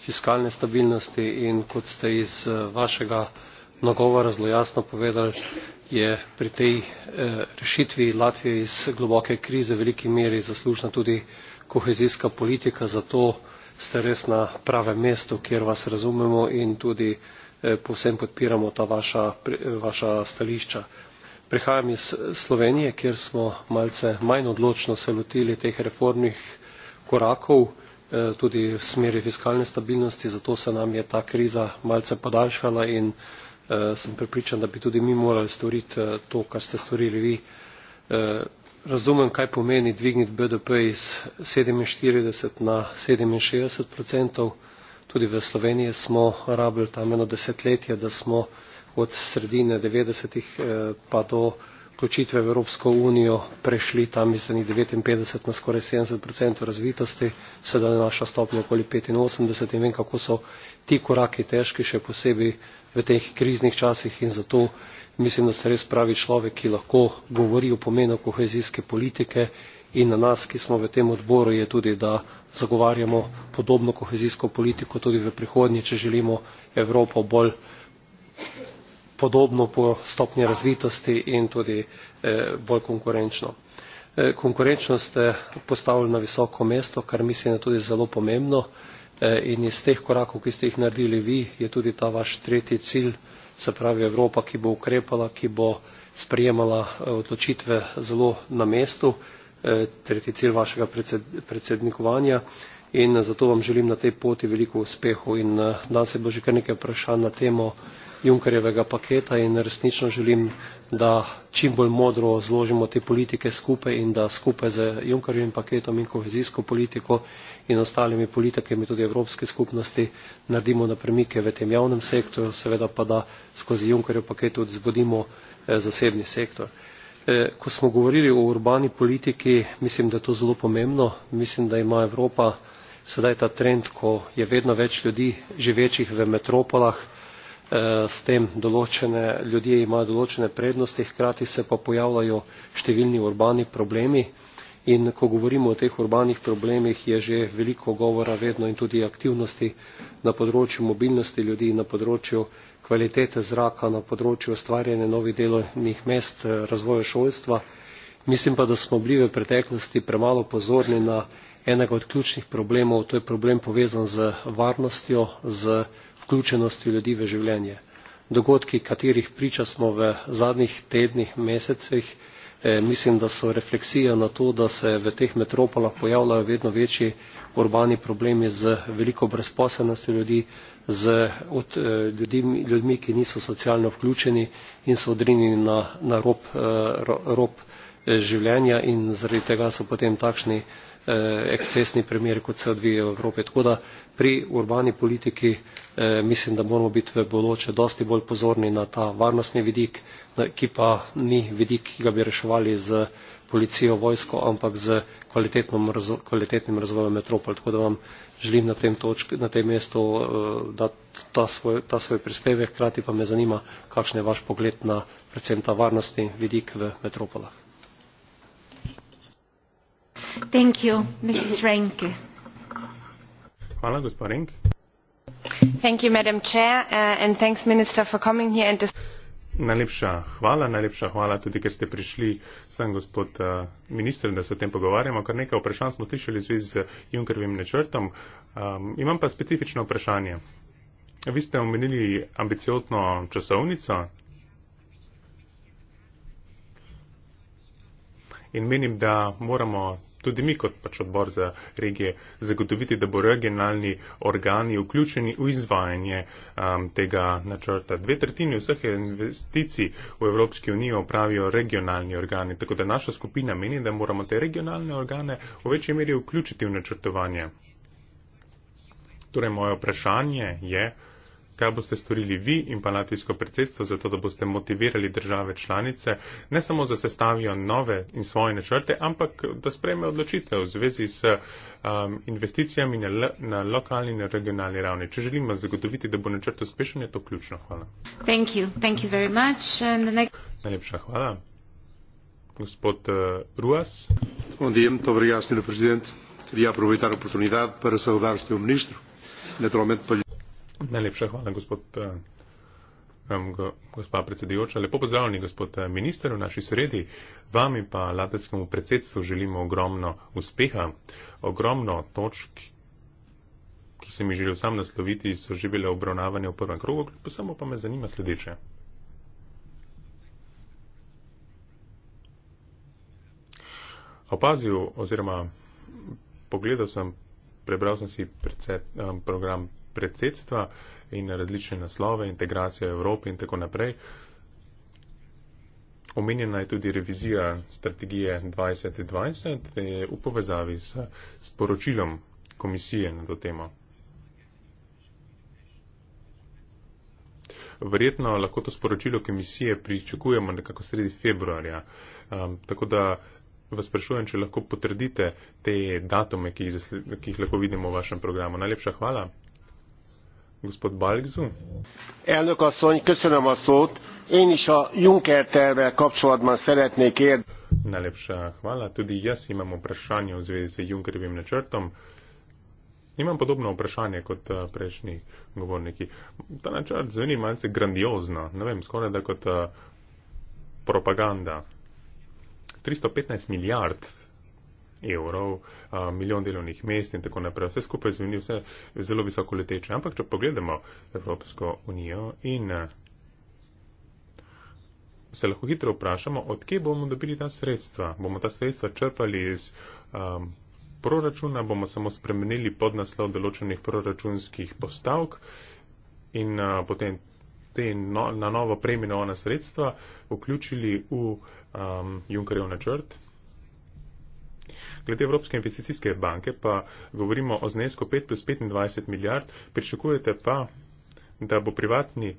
fiskalne stabilnosti in kot ste iz e, vašega nagovora zelo jasno povedali je pri tej rešitvi latvije iz globoke krize v veliki meri zaslužna tudi kohezijska politika zato ste res na pravem mestu, kjer vas razumemo in tudi eh, povsem podpiramo ta vaša, eh, vaša stališča. Prihajam iz eh, Slovenije, kjer smo malce manj odločno se lotili teh reformnih korakov, tudi v smeri fiskalne stabilnosti, zato se nam je ta kriza malce podaljšala in sem pripričan, da bi tudi mi morali storiti to, kar ste storili vi razumem, kaj pomeni dvigniti BDP iz 47 na 67 odstotkov. Tudi v Sloveniji smo rabili tam eno desetletje, da smo od sredine 90-ih eh, pa do vključitve v Evropsko unijo prešli tam iz 59 na skoraj 70 odstotkov razvitosti, sedaj je naša stopnja okoli 85 in vem, kako so ti koraki težki, še posebej v teh kriznih časih in zato mislim da ste res pravi človek ki lahko govori o pomenu kohezijske politike in na nas ki smo v tem odboru je tudi da zagovarjamo podobno kohezijsko politiko tudi v prihodnje če želimo evropo bolj podobno po stopnji razvitosti in tudi eh, bolj konkurenčno. Eh, konkurenčnost ste postavili na visoko mesto, kar mislim je tudi zelo pomembno eh, in iz teh korakov, ki ste jih naredili vi, je tudi ta vaš tretji cilj eh, se pravi Evropa, ki bo ukrepala, ki bo sprijemala eh, odločitve zelo na mestu, eh, tretji cilj vašega predsednikovanja in eh, zato vam želim na tej poti veliko uspehu in danes je bilo že kar nekaj vprašanj na temo junckerjevega paketa in resnično želim, da čim bolj modro zložimo te politike skupaj in da skupaj z junckerjevim paketom in kohezijsko politiko in ostalimi politikami tudi Evropske skupnosti naredimo napremike v tem javnem sektorju, seveda pa da skozi junckerjev paket tudi zbudimo eh, zasebni sektor. Eh, ko smo govorili o urbani politiki, mislim, da je to zelo pomembno. Mislim, da ima Evropa sedaj ta trend, ko je vedno več ljudi živečih v metropolah, Eh, s tem določene ljudje imajo določene prednosti hkrati se pa pojavljajo številni urbani problemi in ko govorimo o teh urbanih problemih je že veliko govora vedno in tudi aktivnosti na področju mobilnosti ljudi na področju kvalitete zraka na področju ustvarjanja novih delovnih mest eh, razvoja šolstva mislim pa da smo bili v preteklosti premalo pozorni na enega od ključnih problemov to je problem povezan z varnostjo z vključenosti ljudi v življenje. Dogodki, katerih priča smo v zadnjih tednih, mesecih, eh, mislim, da so refleksija na to, da se v teh metropolah pojavljajo vedno večji urbani problemi z veliko brezposobnosti ljudi, z od, eh, ljudmi, ljudmi, ki niso socialno vključeni in so odrinjeni na, na rob, eh, rob življenja in zaradi tega so potem takšni eh, ekscesni primeri, kot se odvijajo v Evropi. Tako da pri urbani politiki eh, mislim, da moramo biti v bodoče dosti bolj pozorni na ta varnostni vidik, ki pa ni vidik, ki ga bi reševali z policijo, vojsko, ampak z razvo, kvalitetnim razvojem metropol. Tako da vam želim na tem, točk, na tem mestu eh, dati ta svoj, ta svoj prispevek, hkrati pa me zanima, kakšen je vaš pogled na predvsem ta varnostni vidik v metropolah. Hvala, gospod uh, najlepša hvala, najlepša hvala tudi, ker ste prišli sem gospod uh, minister, da se o tem pogovarjamo. Kar nekaj vprašanj smo slišali zvezi z Junkerovim načrtom. Um, imam pa specifično vprašanje. Vi ste omenili ambiciozno časovnico. In menim, da moramo tudi mi kot pač odbor za regije zagotoviti, da bo regionalni organi vključeni v izvajanje um, tega načrta. Dve tretjini vseh investicij v Evropski uniji opravijo regionalni organi, tako da naša skupina meni, da moramo te regionalne organe v večji meri vključiti v načrtovanje. Torej, moje vprašanje je, kaj boste storili vi in pa Latvijsko predsedstvo, zato da boste motivirali države članice, ne samo za sestavijo nove in svoje načrte, ampak da sprejme odločitve v zvezi s um, investicijami na, na lokalni in regionalni ravni. Če želimo zagotoviti, da bo načrt uspešen, je to ključno. Hvala. Thank you. Thank you Najlepša hvala. Gospod uh, Ruas. Bom dia, muito obrigado, Sr. Presidente. Queria ja aproveitar a oportunidade para saudar o Sr. Ministro. Naturalmente, para Najlepša hvala, gospod, um, gospa predsedujoča. Lepo pozdravljeni, gospod eh, minister v naši sredi. Vam in pa latinskemu predsedstvu želimo ogromno uspeha. Ogromno točk, ki sem jih želel sam nasloviti, so že bile obravnavane v prvem krogu, pa samo pa me zanima sledeče. Opazil oziroma pogledal sem, prebral sem si predsed, um, program predsedstva in različne naslove, integracija Evrope in tako naprej. Omenjena je tudi revizija strategije 2020 v povezavi s sporočilom komisije na to temo. Verjetno lahko to sporočilo komisije pričakujemo nekako sredi februarja. Um, tako da vas prešujem, če lahko potrdite te datume, ki jih, ki jih lahko vidimo v vašem programu. Najlepša hvala elnök asszony köszönöm a szót én is a juncker tervvel kapcsolatban szeretnék kérdezni. najlepsza chwala tudi jaz imam vprašanje v zvezi z junckerjevim načrtom imam podobno vprašanje kot eh, prejšnji govorniki ta načrt zveni malce grandiozno ne vem skoraj da kot eh, propaganda tristo petnajst milijard evrov, a, milijon delovnih mest in tako naprej. Vse skupaj zveni vse zelo visoko leteče. Ampak, če pogledamo Evropsko unijo in se lahko hitro vprašamo, odkje bomo dobili ta sredstva. Bomo ta sredstva črpali iz a, proračuna, bomo samo spremenili podnaslov določenih proračunskih postavk in a, potem te no, na novo prejmenovana sredstva vključili v um, Junkerjev načrt. Glede Evropske investicijske banke pa govorimo o znesku 5 plus 25 milijard, pričakujete pa, da bo privatni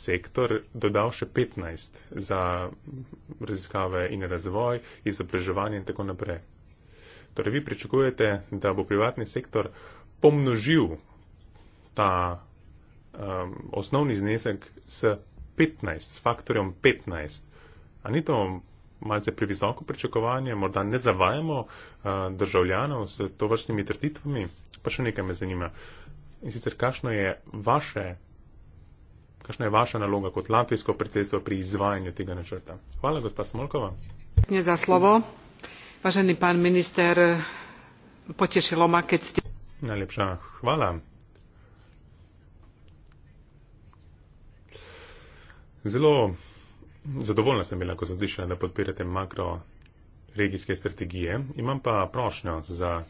sektor dodal še 15 za raziskave in razvoj, izobraževanje in tako naprej. Torej vi pričakujete, da bo privatni sektor pomnožil ta um, osnovni znesek s 15, s faktorjem 15. A ni to malce previsoko pričakovanje, morda ne zavajamo eh, državljanov s to vrstnimi trditvami. Pa še nekaj me zanima. In sicer, kakšno je vaše. Kakšna je vaša naloga kot latvijsko predsedstvo pri izvajanju tega načrta? Hvala, gospa Smolkova. Hvala za slovo. Važeni pan minister, potešilo ma, keď ste. Najlepša hvala. Zelo Zadovoljna sem bila, ko sem slišala, da podpirate makro regijske strategije. Imam pa prošnjo za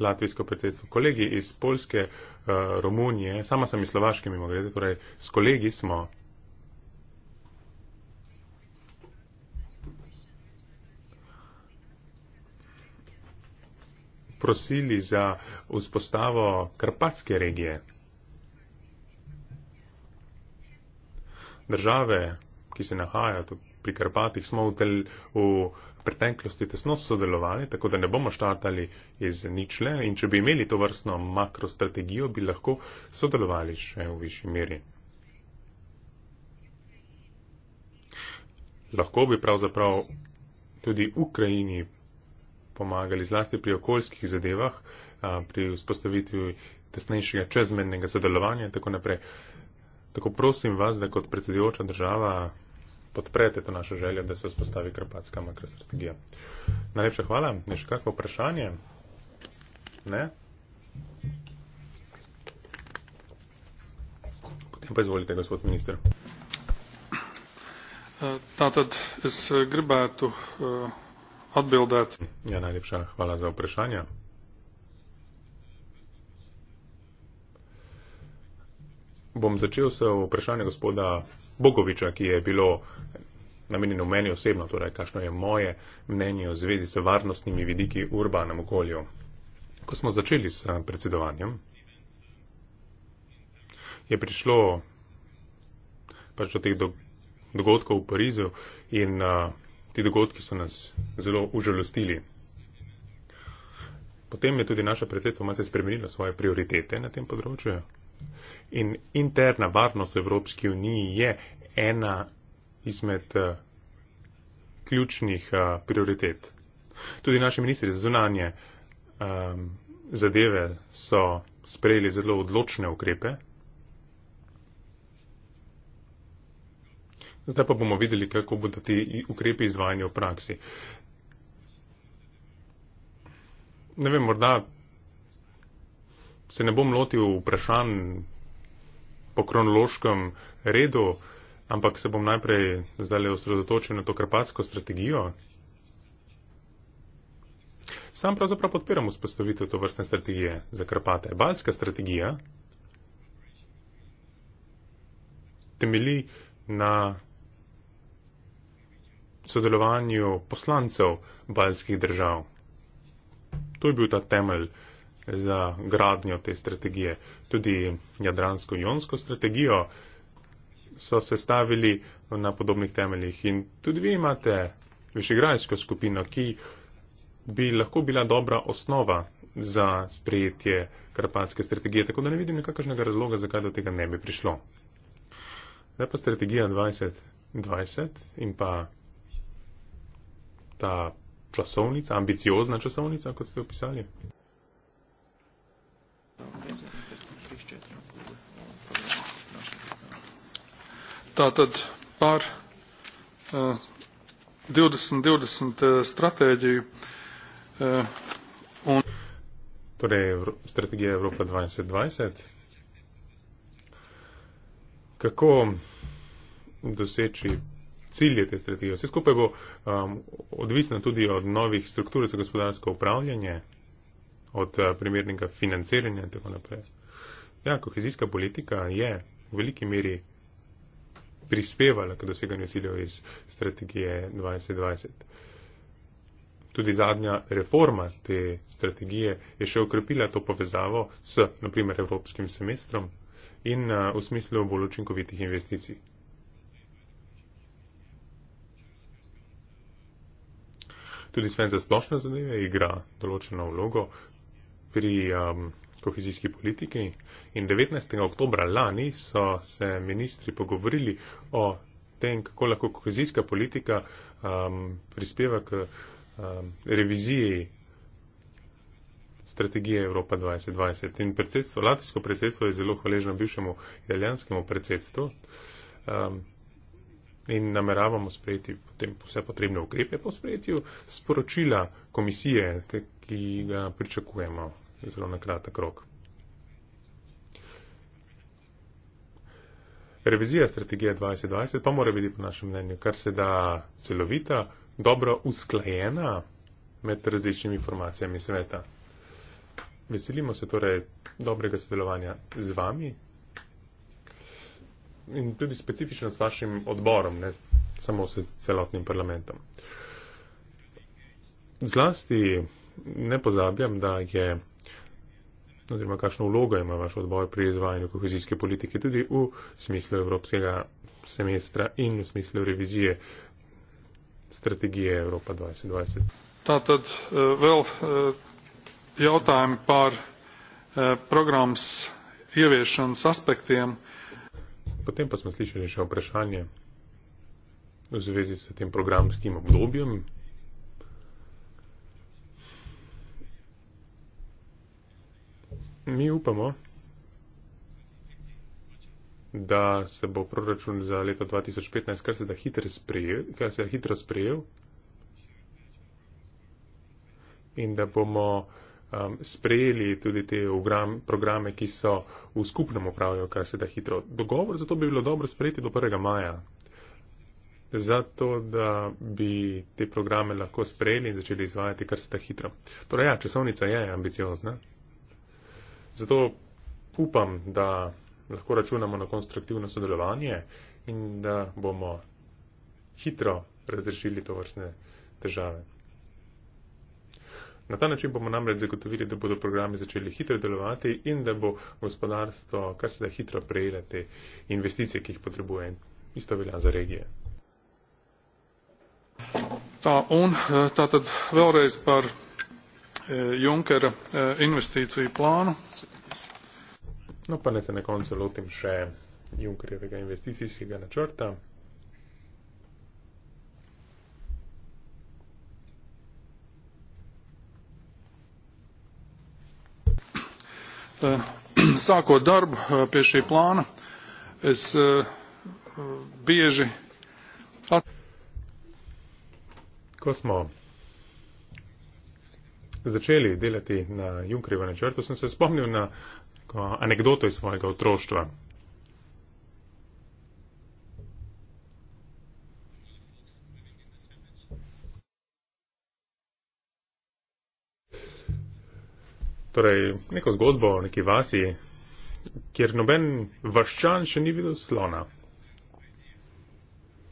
latvijsko predsedstvo. Kolegi iz Polske, eh, Romunije, sama sem iz Slovaške, mimo grede, torej s kolegi smo. prosili za vzpostavo Karpatske regije. države, ki se nahajajo pri Karpatih, smo v, tel, v preteklosti tesno sodelovali, tako da ne bomo štartali iz ničle in če bi imeli to vrstno makrostrategijo, bi lahko sodelovali še v višji meri. Lahko bi pravzaprav tudi Ukrajini pomagali zlasti pri okoljskih zadevah, pri vzpostavitvi tesnejšega čezmernega sodelovanja in tako naprej. Tako prosim vas, da kot predsedujoča država podprete to našo željo, da se vzpostavi krpatska makrostrategija. Najlepša hvala. Je še kakšno vprašanje? Ne? Potem pa izvolite, gospod minister. Eh, Tātad es gribētu atbildēt. Eh, Jā, ja, najlepšā hvala za vprašanje. bom začel s vprašanjem gospoda Bogoviča, ki je bilo namenjeno meni osebno, torej kakšno je moje mnenje v zvezi s varnostnimi vidiki v urbanem okolju. Ko smo začeli s predsedovanjem, je prišlo pač do teh dogodkov v Parizu in a, ti dogodki so nas zelo užalostili. Potem je tudi naša predsedstvo malce spremenila svoje prioritete na tem področju. In interna varnost v Evropski uniji je ena izmed uh, ključnih uh, prioritet. Tudi naši ministri za zunanje um, zadeve so sprejeli zelo odločne ukrepe. Zdaj pa bomo videli, kako bodo ti ukrepi izvajani v praksi. Ne vem, morda se ne bom lotil vprašanj po kronološkem redu, ampak se bom najprej zdaj le osredotočil na to karpatsko strategijo. Sam pravzaprav podpiram vzpostavitev to vrstne strategije za Karpate. Balska strategija temeli na sodelovanju poslancev balskih držav. To je bil ta temelj uh, za gradnjo te strategije. Tudi jadransko-jonsko strategijo so se stavili na podobnih temeljih in tudi vi imate višegrajsko skupino, ki bi lahko bila dobra osnova za sprejetje karpatske strategije, tako da ne vidim nekakšnega razloga, zakaj do tega ne bi prišlo. Zdaj pa strategija 2020 in pa ta časovnica, ambiciozna časovnica, kot ste opisali. tātad par uh, 2020 uh, stratēģiju. Uh, Tur ir Evro, strateģija Eiropa 2020. Kako doseči cilje te strategije? Vse skupaj bo um, odvisno tudi od novih struktur za gospodarsko upravljanje, od uh, primernega financiranja in tako naprej. Ja, kohezijska politika je v veliki meri prispevala k doseganju ciljev iz strategije 2020. Tudi zadnja reforma te strategije je še okrepila to povezavo s, naprimer, evropskim semestrom in v smislu bolj učinkovitih investicij. Tudi Sven za splošne zadeve igra določeno vlogo pri um, kohezijski politiki in 19. oktobra lani so se ministri pogovorili o tem, kako lahko kohezijska politika um, prispeva k um, reviziji strategije Evropa 2020. In predsedstvo, latvijsko predsedstvo je zelo hvaležno bivšemu italijanskemu predsedstvu. Um, In nameravamo sprejeti potem vse potrebne ukrepe po sprejetju sporočila komisije, ki ga pričakujemo zelo na kratek rok. Revizija strategije 2020 pa mora biti po našem mnenju kar se da celovita, dobro usklajena med različnimi formacijami sveta. Veselimo se torej dobrega sodelovanja z vami in tudi specifično s vašim odborom, ne samo s celotnim parlamentom. Zlasti ne pozabljam, da je oziroma kakšno vlogo ima vaš odbor pri izvajanju kohezijske politike tudi v smislu evropskega semestra in v smislu revizije strategije Evropa 2020. Tātad, eh, vēl eh, jautājumi par eh, programmas ieviešanas aspektiem. Potem pa smo slišali še vprašanje v zvezi s tem programskim obdobjem mi upamo, da se bo proračun za leto 2015 kar se da hitro sprejel, kar se da hitro sprejel in da bomo um, sprejeli tudi te ugram, programe, ki so v skupnem upravljanju, kar se da hitro. Dogovor za to bi bilo dobro sprejeti do 1. maja. Zato, da bi te programe lahko sprejeli in začeli izvajati kar se da hitro. Torej, ja, časovnica je ambiciozna. Zato upam, da lahko računamo na konstruktivno sodelovanje in da bomo hitro razrešili to vrstne težave. Na ta način bomo namreč zagotovili, da bodo programi začeli hitro delovati in da bo gospodarstvo kar se da hitro prejela te investicije, ki jih potrebuje. Isto velja za regije. Ta on, ta tad, E, juncker e, investiciju planu. No pa ne se na koncu lotim še junkerjevega investicijskega načrta. E, Sākot darbu pie šī plāna, es bieži. At... Kosmā, začeli delati na Junkerjevo načrtu, sem se spomnil na anegdoto iz svojega otroštva. Torej, neko zgodbo o neki vasi, kjer noben vrščan še ni videl slona.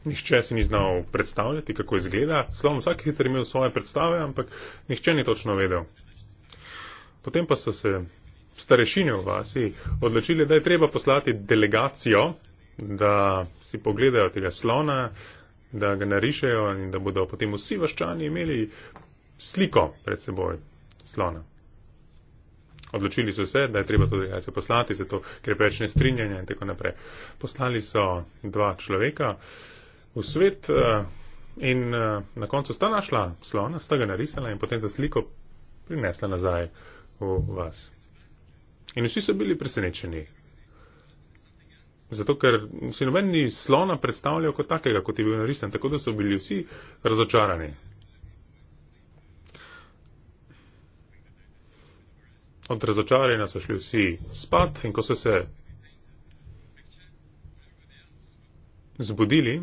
Nihče si ni znal predstavljati, kako izgleda. Slovom, vsak je sicer imel svoje predstave, ampak nihče ni točno vedel. Potem pa so se starešine v vasi odločili, da je treba poslati delegacijo, da si pogledajo tega slona, da ga narišejo in da bodo potem vsi vaščani imeli sliko pred seboj slona. Odločili so se, da je treba to delegacijo poslati, zato ker je preveč nestrinjanja in tako naprej. Poslali so dva človeka, v svet uh, in uh, na koncu sta našla slona, sta ga narisala in potem ta sliko prinesla nazaj v vas. In vsi so bili presenečeni. Zato, ker si noben ni slona predstavljal kot takega, kot je bil narisan, tako da so bili vsi razočarani. Od razočarjenja so šli vsi spat in ko so se zbudili,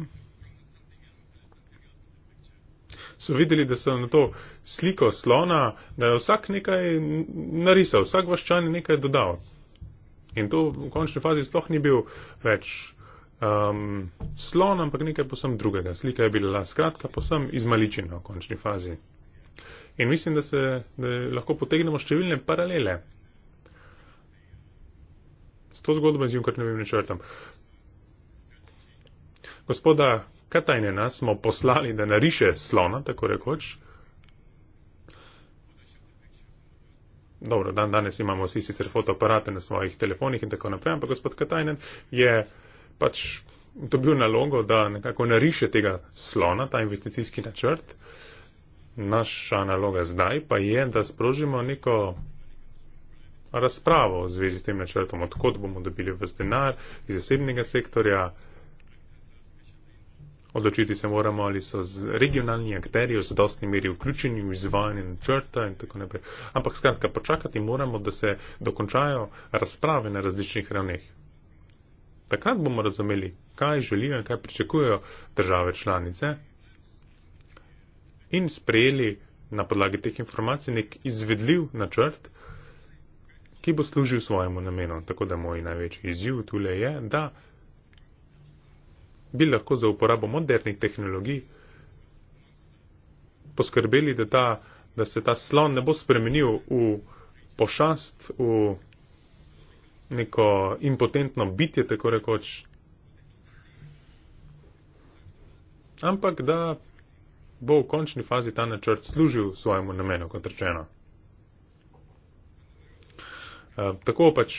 so videli, da so na to sliko slona, da je vsak nekaj narisal, vsak vaščan je nekaj dodal. In to v končni fazi sploh ni bil več um, slon, ampak nekaj posem drugega. Slika je bila skratka posem izmaličena v končni fazi. In mislim, da se da lahko potegnemo številne paralele s to zgodbo z Junkrnovim načrtom. Gospoda Katajnena smo poslali, da nariše slona, tako rekoč. Dobro, dan danes imamo vsi sicer fotoaparate na svojih telefonih in tako naprej, ampak gospod Katajnen je pač dobil nalogo, da nekako nariše tega slona, ta investicijski načrt. Naša naloga zdaj pa je, da sprožimo neko razpravo v zvezi s tem načrtom, odkot bomo dobili vse denar iz zasebnega sektorja. Odločiti se moramo, ali so z regionalni akterji v zadostni meri vključeni v izvajanje načrta in tako naprej. Ampak skratka, počakati moramo, da se dokončajo razprave na različnih ravneh. Takrat bomo razumeli, kaj želijo in kaj pričakujejo države članice in sprejeli na podlagi teh informacij nek izvedljiv načrt, ki bo služil svojemu namenu. Tako da moj največji izziv tule je, da bi lahko za uporabo modernih tehnologij poskrbeli, da, ta, da se ta slon ne bo spremenil v pošast, v neko impotentno bitje, tako rekoč. Ampak da bo v končni fazi ta načrt služil svojemu namenu, kot rečeno. E, tako pač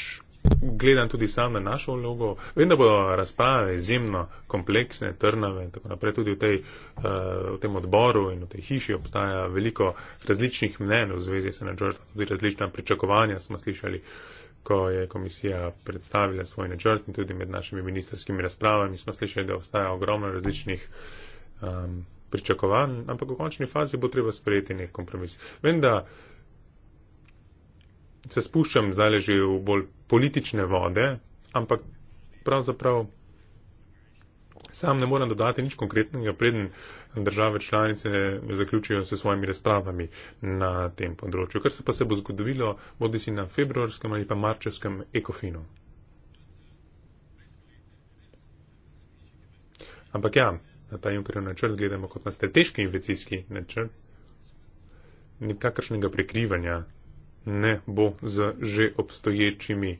gledam tudi sam na našo vlogo. Vem, da bodo razprave izjemno kompleksne, trnave in tako naprej. Tudi v, tej, eh, v tem odboru in v tej hiši obstaja veliko različnih mnen v zvezi s načrtom. Tudi različna pričakovanja smo slišali, ko je komisija predstavila svoj načrt in tudi med našimi ministerskimi razpravami smo slišali, da obstaja ogromno različnih. Um, ehm, pričakovan, ampak v končni fazi bo treba sprejeti nek kompromis. Vem, da uh, se spuščam zdaj že v bolj politične vode, ampak pravzaprav sam ne moram dodati nič konkretnega, preden države članice zaključijo se svojimi razpravami na tem področju, kar se pa se bo zgodovilo, bodi si na februarskem ali pa marčevskem ekofinu. Ampak ja, na ta Junkerjev načrt gledamo kot na strateški investicijski načrt, nikakršnega prekrivanja ne bo z že obstoječimi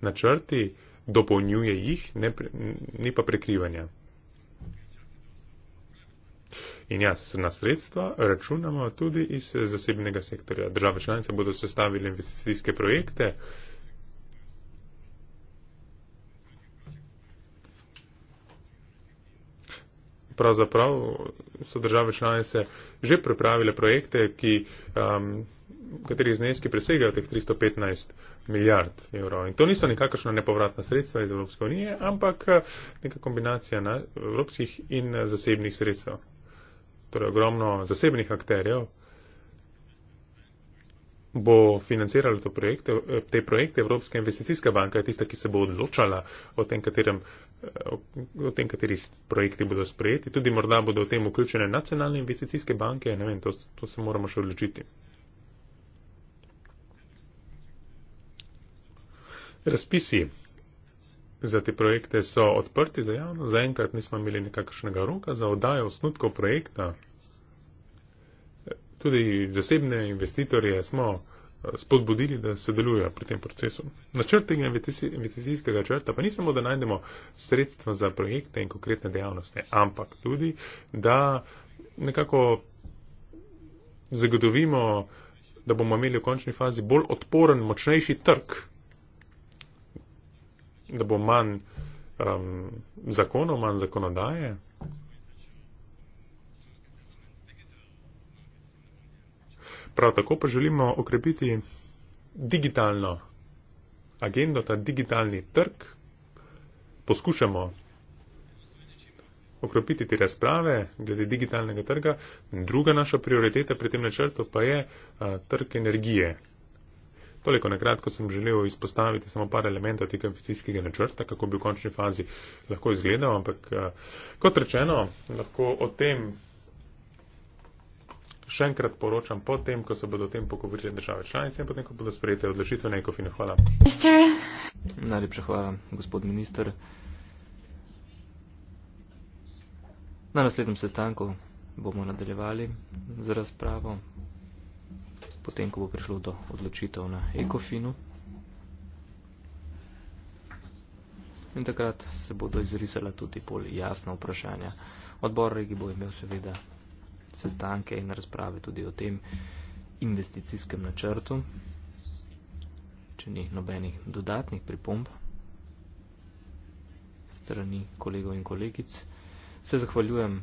načrti, dopolnjuje jih, ne, ni pa prekrivanja. In jaz na sredstva računamo tudi iz zasebnega sektorja. Države članice bodo sestavili investicijske projekte. Pravzaprav so države članice že pripravile projekte, ki um, katerih zneski presegajo teh 315 milijard evrov. In to niso nekakšna nepovratna sredstva iz Evropske unije, ampak eh, neka kombinacija na, evropskih in eh, zasebnih sredstev. Torej ogromno zasebnih akterjev bo financiralo projekt, eh, te projekte. Evropska investicijska banka je tista, ki se bo odločala o tem, katerem, o tem, kateri projekti bodo sprejeti. Tudi morda bodo v tem vključene nacionalne investicijske banke. Ne vem, to, to se moramo še odločiti. Razpisi za te projekte so odprti za javnost, zaenkrat nismo imeli nekakšnega roka za oddajo osnutkov projekta. Tudi zasebne investitorje smo eh, spodbudili, da sodelujejo pri tem procesu. Načrt tega investicijskega črta pa ni samo, da najdemo sredstva za projekte in konkretne dejavnosti, ampak tudi, da nekako zagotovimo, da bomo imeli v končni fazi bolj odporen, močnejši trg da bo manj um, zakonov, manj zakonodaje. Prav tako pa želimo okrepiti digitalno agendo, ta digitalni trg. Poskušamo okrepiti te razprave glede digitalnega trga. Druga naša prioriteta pri tem načrtu pa je a, uh, trg energije. Toliko na kratko sem želel izpostaviti samo par elementov tega investicijskega načrta, kako bi v končni fazi lahko izgledal, ampak eh, kot rečeno, lahko o tem še enkrat poročam potem, ko se bodo o tem pogovorili države članice in potem, ko bodo sprejete odločitve na ECOFIN. Hvala. Mister. Najlepša hvala, gospod minister. Na naslednjem sestanku bomo nadaljevali z razpravo potem, ko bo prišlo do odločitev na ekofinu. In takrat se bodo izrisala tudi bolj jasna vprašanja. Odbor regi bo imel seveda sestanke in razprave tudi o tem investicijskem načrtu, če ni nobenih dodatnih pripomb strani kolegov in kolegic. Se zahvaljujem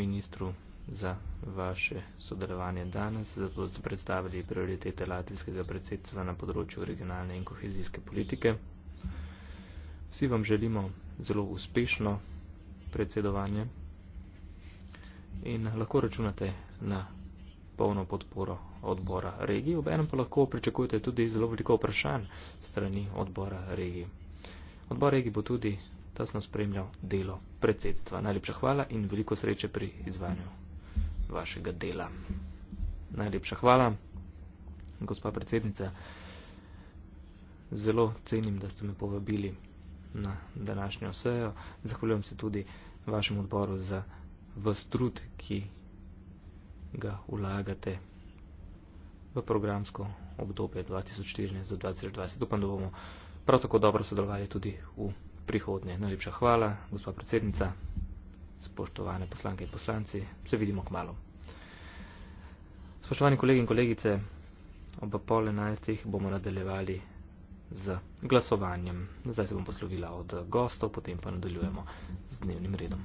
ministru za vaše sodelovanje danes, zato ste predstavili prioritete latvijskega predsedstva na področju regionalne in kohezijske politike. Vsi vam želimo zelo uspešno predsedovanje in lahko računate na polno podporo odbora regij, obenem pa lahko pričakujete tudi zelo veliko vprašanj strani odbora regij. Odbor regij bo tudi tasno spremljal delo predsedstva. Najlepša hvala in veliko sreče pri izvajanju vašega dela. Najlepša hvala, gospa predsednica. Zelo cenim, da ste me povabili na današnjo sejo. Zahvaljujem se tudi vašemu odboru za vse trud, ki ga vlagate v programsko obdobje 2014-2020. Upam, da bomo prav tako dobro sodelovali tudi v prihodnje. Najlepša hvala, gospa predsednica spoštovane poslanke in poslanci, se vidimo k malo. Spoštovani kolegi in kolegice, ob pol enajstih bomo nadaljevali z glasovanjem. Zdaj se bom poslovila od gostov, potem pa nadaljujemo z dnevnim redom.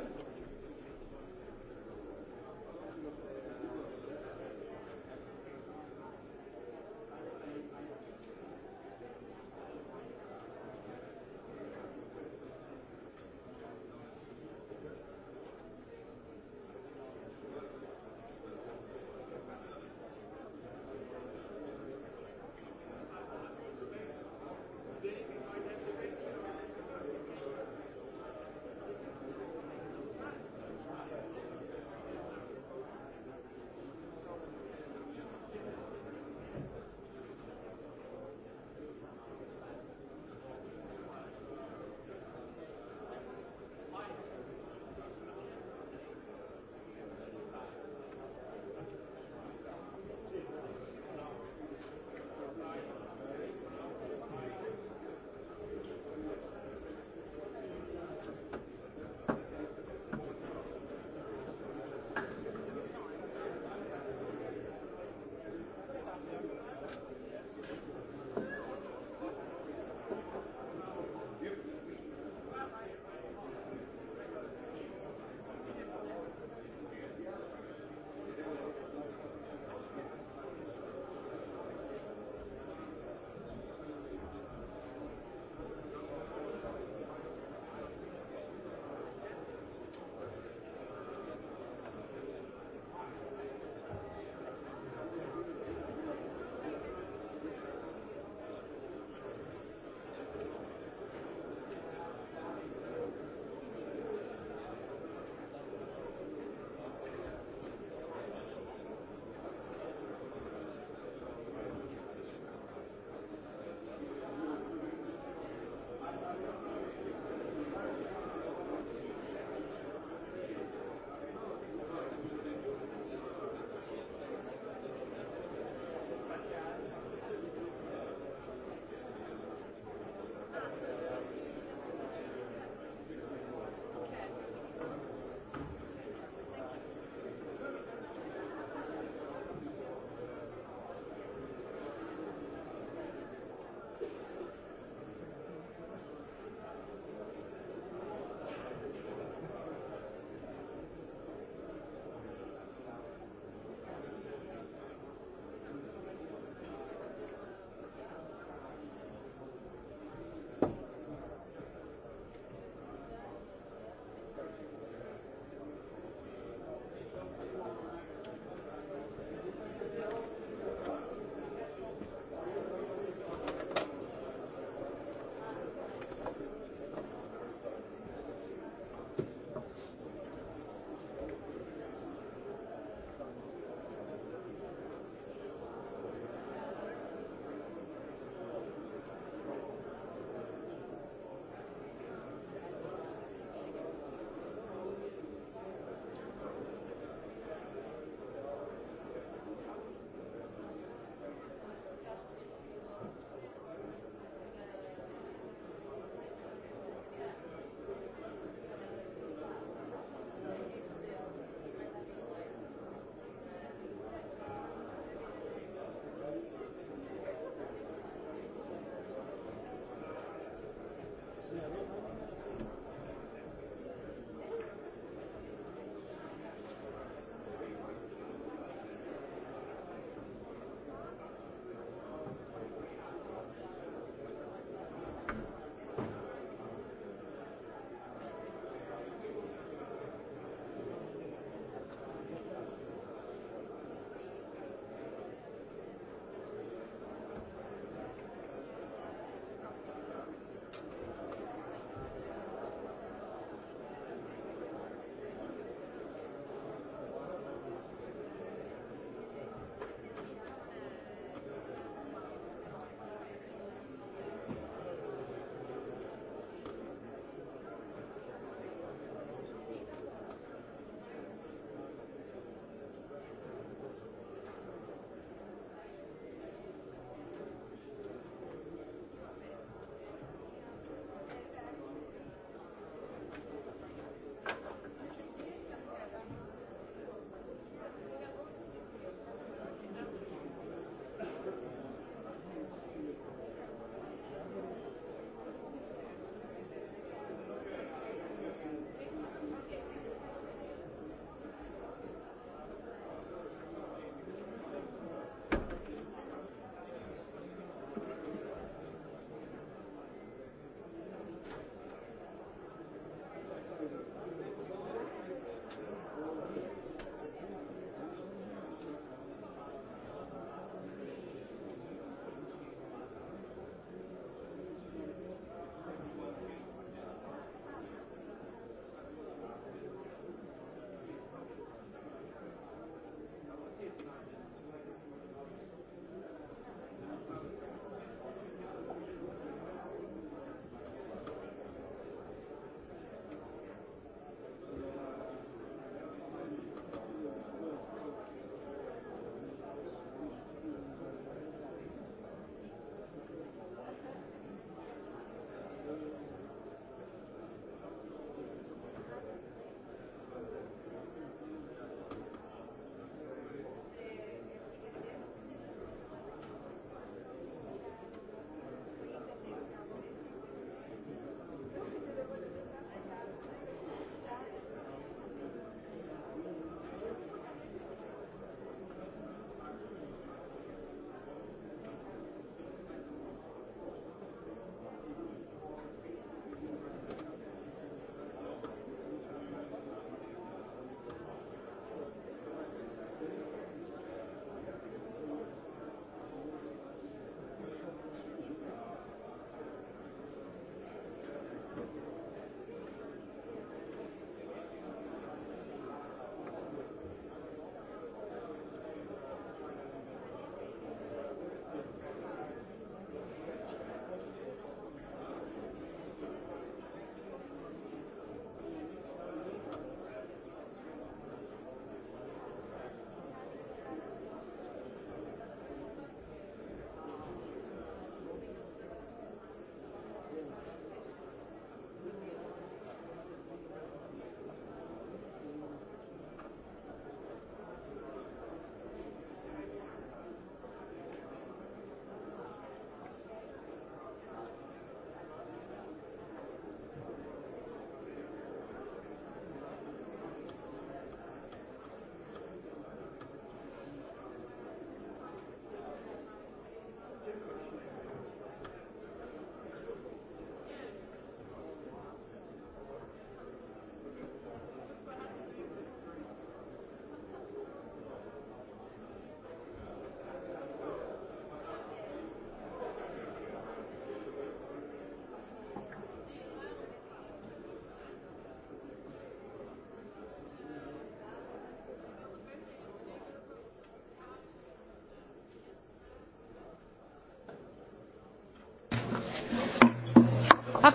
Uh,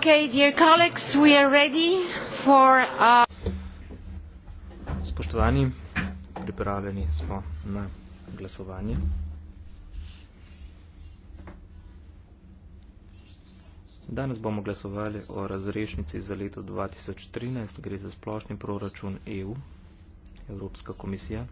Spoštovani, pripravljeni smo na glasovanje. Danes bomo glasovali o razrešnici za leto 2013, gre za splošni proračun EU, Evropska komisija.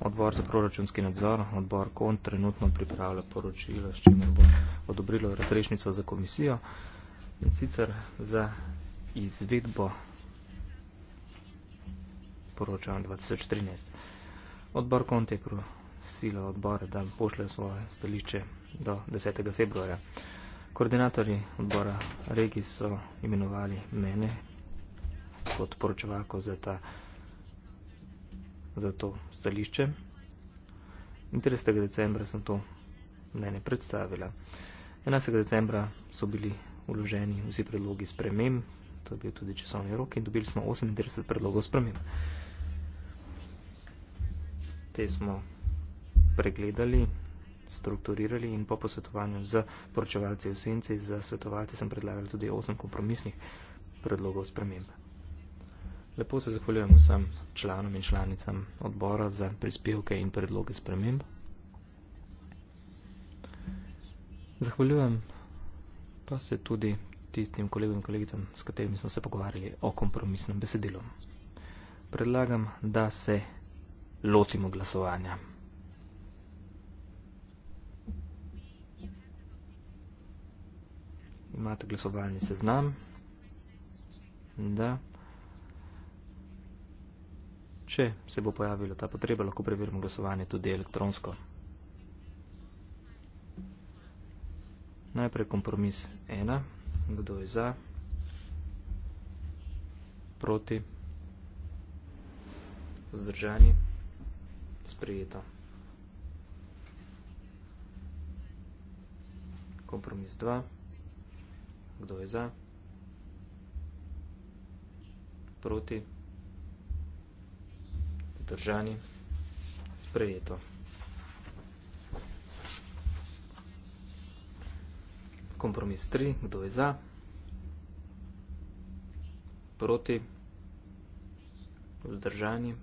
Odbor za proračunski nadzor, odbor KON trenutno pripravlja poročilo, s čimer bomo odobrilo razrešnico za komisijo in sicer za izvedbo poročanja 2013. Odbor Konte je prosila odbore, da pošle svoje stališče do 10. februarja. Koordinatorji odbora Regi so imenovali mene kot poročevalko za, ta, za to stališče. In 30. decembra sem to mnenje predstavila. 11. decembra so bili uloženi vsi predlogi spremem, to je bil tudi časovni rok in dobili smo 38 predlogov spremem. Te smo pregledali, strukturirali in po posvetovanju z poročevalci v senci, z svetovalci sem predlagal tudi 8 kompromisnih predlogov sprememb. Lepo se zahvaljujem vsem članom in članicam odbora za prispevke in predloge sprememb. Zahvaljujem pa se tudi tistim kolegom in kolegicam, s katerimi smo se pogovarjali o kompromisnem besedilu. Predlagam, da se lotimo glasovanja. Imate glasovalni seznam. Da. Če se bo pojavila ta potreba, lahko preverimo glasovanje tudi elektronsko. Najprej kompromis 1. Kdo je za? Proti? Zdržani? Sprijeto. Kompromis 2. Kdo je za? Proti? Zdržani? Sprijeto. Sprijeto. kompromis 3, kdo je za, proti, vzdržani,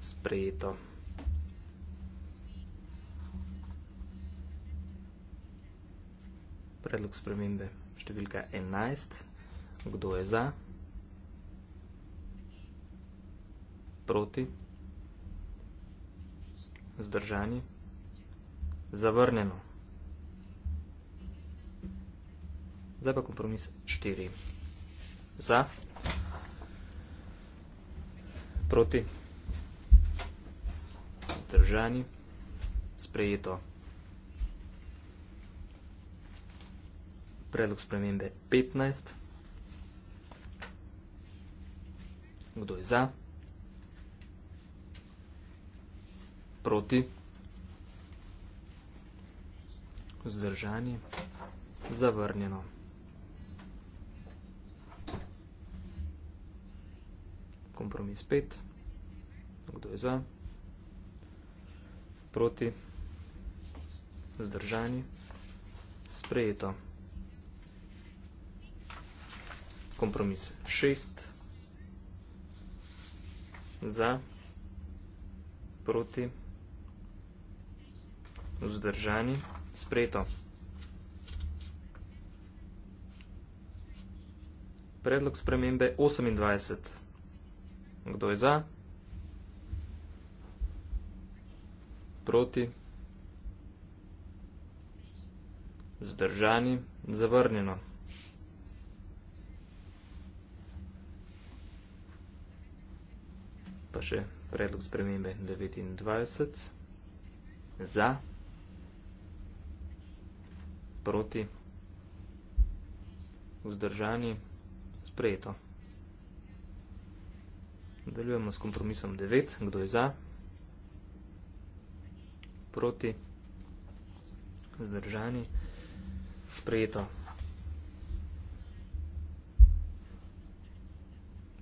sprejeto. Predlog spremembe številka 11, kdo je za, proti, vzdržani, zavrnjeno. Zdaj pa kompromis 4. Za. Proti. Zdržani. Sprejeto. Predlog spremembe 15. Kdo je za? Proti. Zdržani. Zavrnjeno. kompromis 5. Kdo je za? Proti? Zdržani? Sprejeto. Kompromis 6. Za? Proti? Zdržani? Sprejeto. Predlog spremembe 28. Kdo je za? Proti? Zdržani? Zavrnjeno. Pa še predlog spremembe 29. Za? Proti? Vzdržani, sprejeto. Nadaljujemo s kompromisom 9. Kdo je za? Proti? Zdržani? Sprejeto.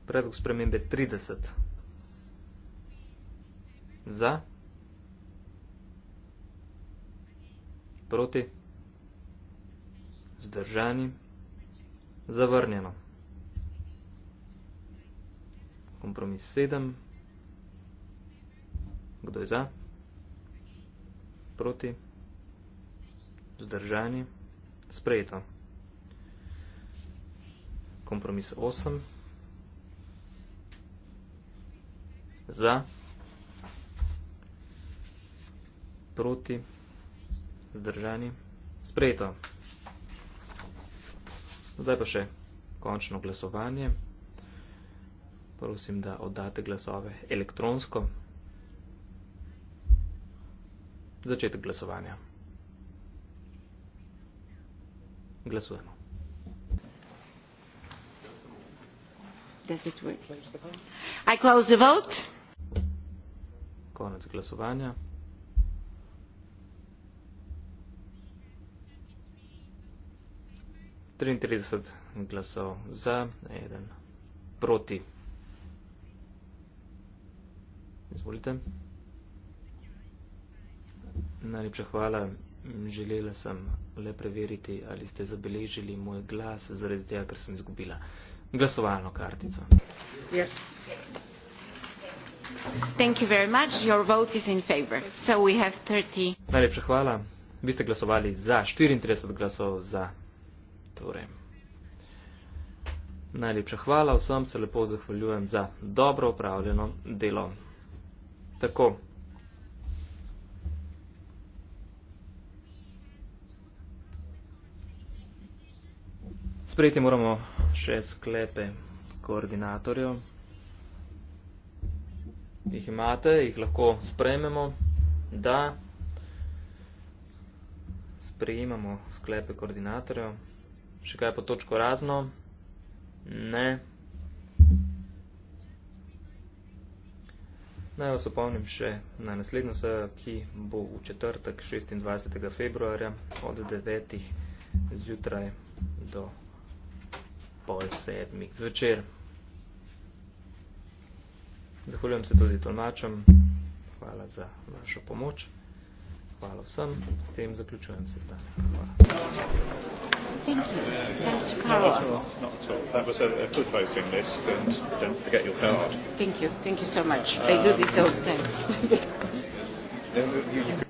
Predlog spremembe 30. Za? Proti? Zdržani? Zavrnjeno kompromis 7. Kdo je za? Proti? Zdržani? Sprejeto. Kompromis 8. Za? Proti? Zdržani? Sprejeto. Zdaj pa še končno glasovanje prosim, da oddate glasove elektronsko. Začetek glasovanja. Glasujemo. Does it work? I close the vote. Konec glasovanja. Trinajst glasov za, eden proti. Izvolite. Najlepša hvala. Želela sem le preveriti, ali ste zabeležili moj glas zaradi tega, ker sem izgubila glasovalno kartico. Yes. Thank you very much. Your vote is in favor. So we have 30. Najlepša hvala. Vi ste glasovali za 34 glasov za. Torej. Najlepša hvala. Vsem se lepo zahvaljujem za dobro upravljeno delo tako. Sprejeti moramo še sklepe koordinatorjev. Jih imate, jih lahko sprejmemo, da sprejemamo sklepe koordinatorjev. Še kaj po točko razno? Ne. Ne. Naj vas opomnim še na naslednjo sejo, ki bo v četrtek 26. februarja od 9. zjutraj do pol sedmih zvečer. Zahvaljujem se tudi tolmačem. Hvala za vašo pomoč. Hvala vsem. S tem zaključujem sestanek. Hvala. Thank you. Yeah, yeah. Carl. Not, at all. not at all. That was a, a good voting list, and don't forget your card. Thank you. Thank you so much. Um, I do this all the time.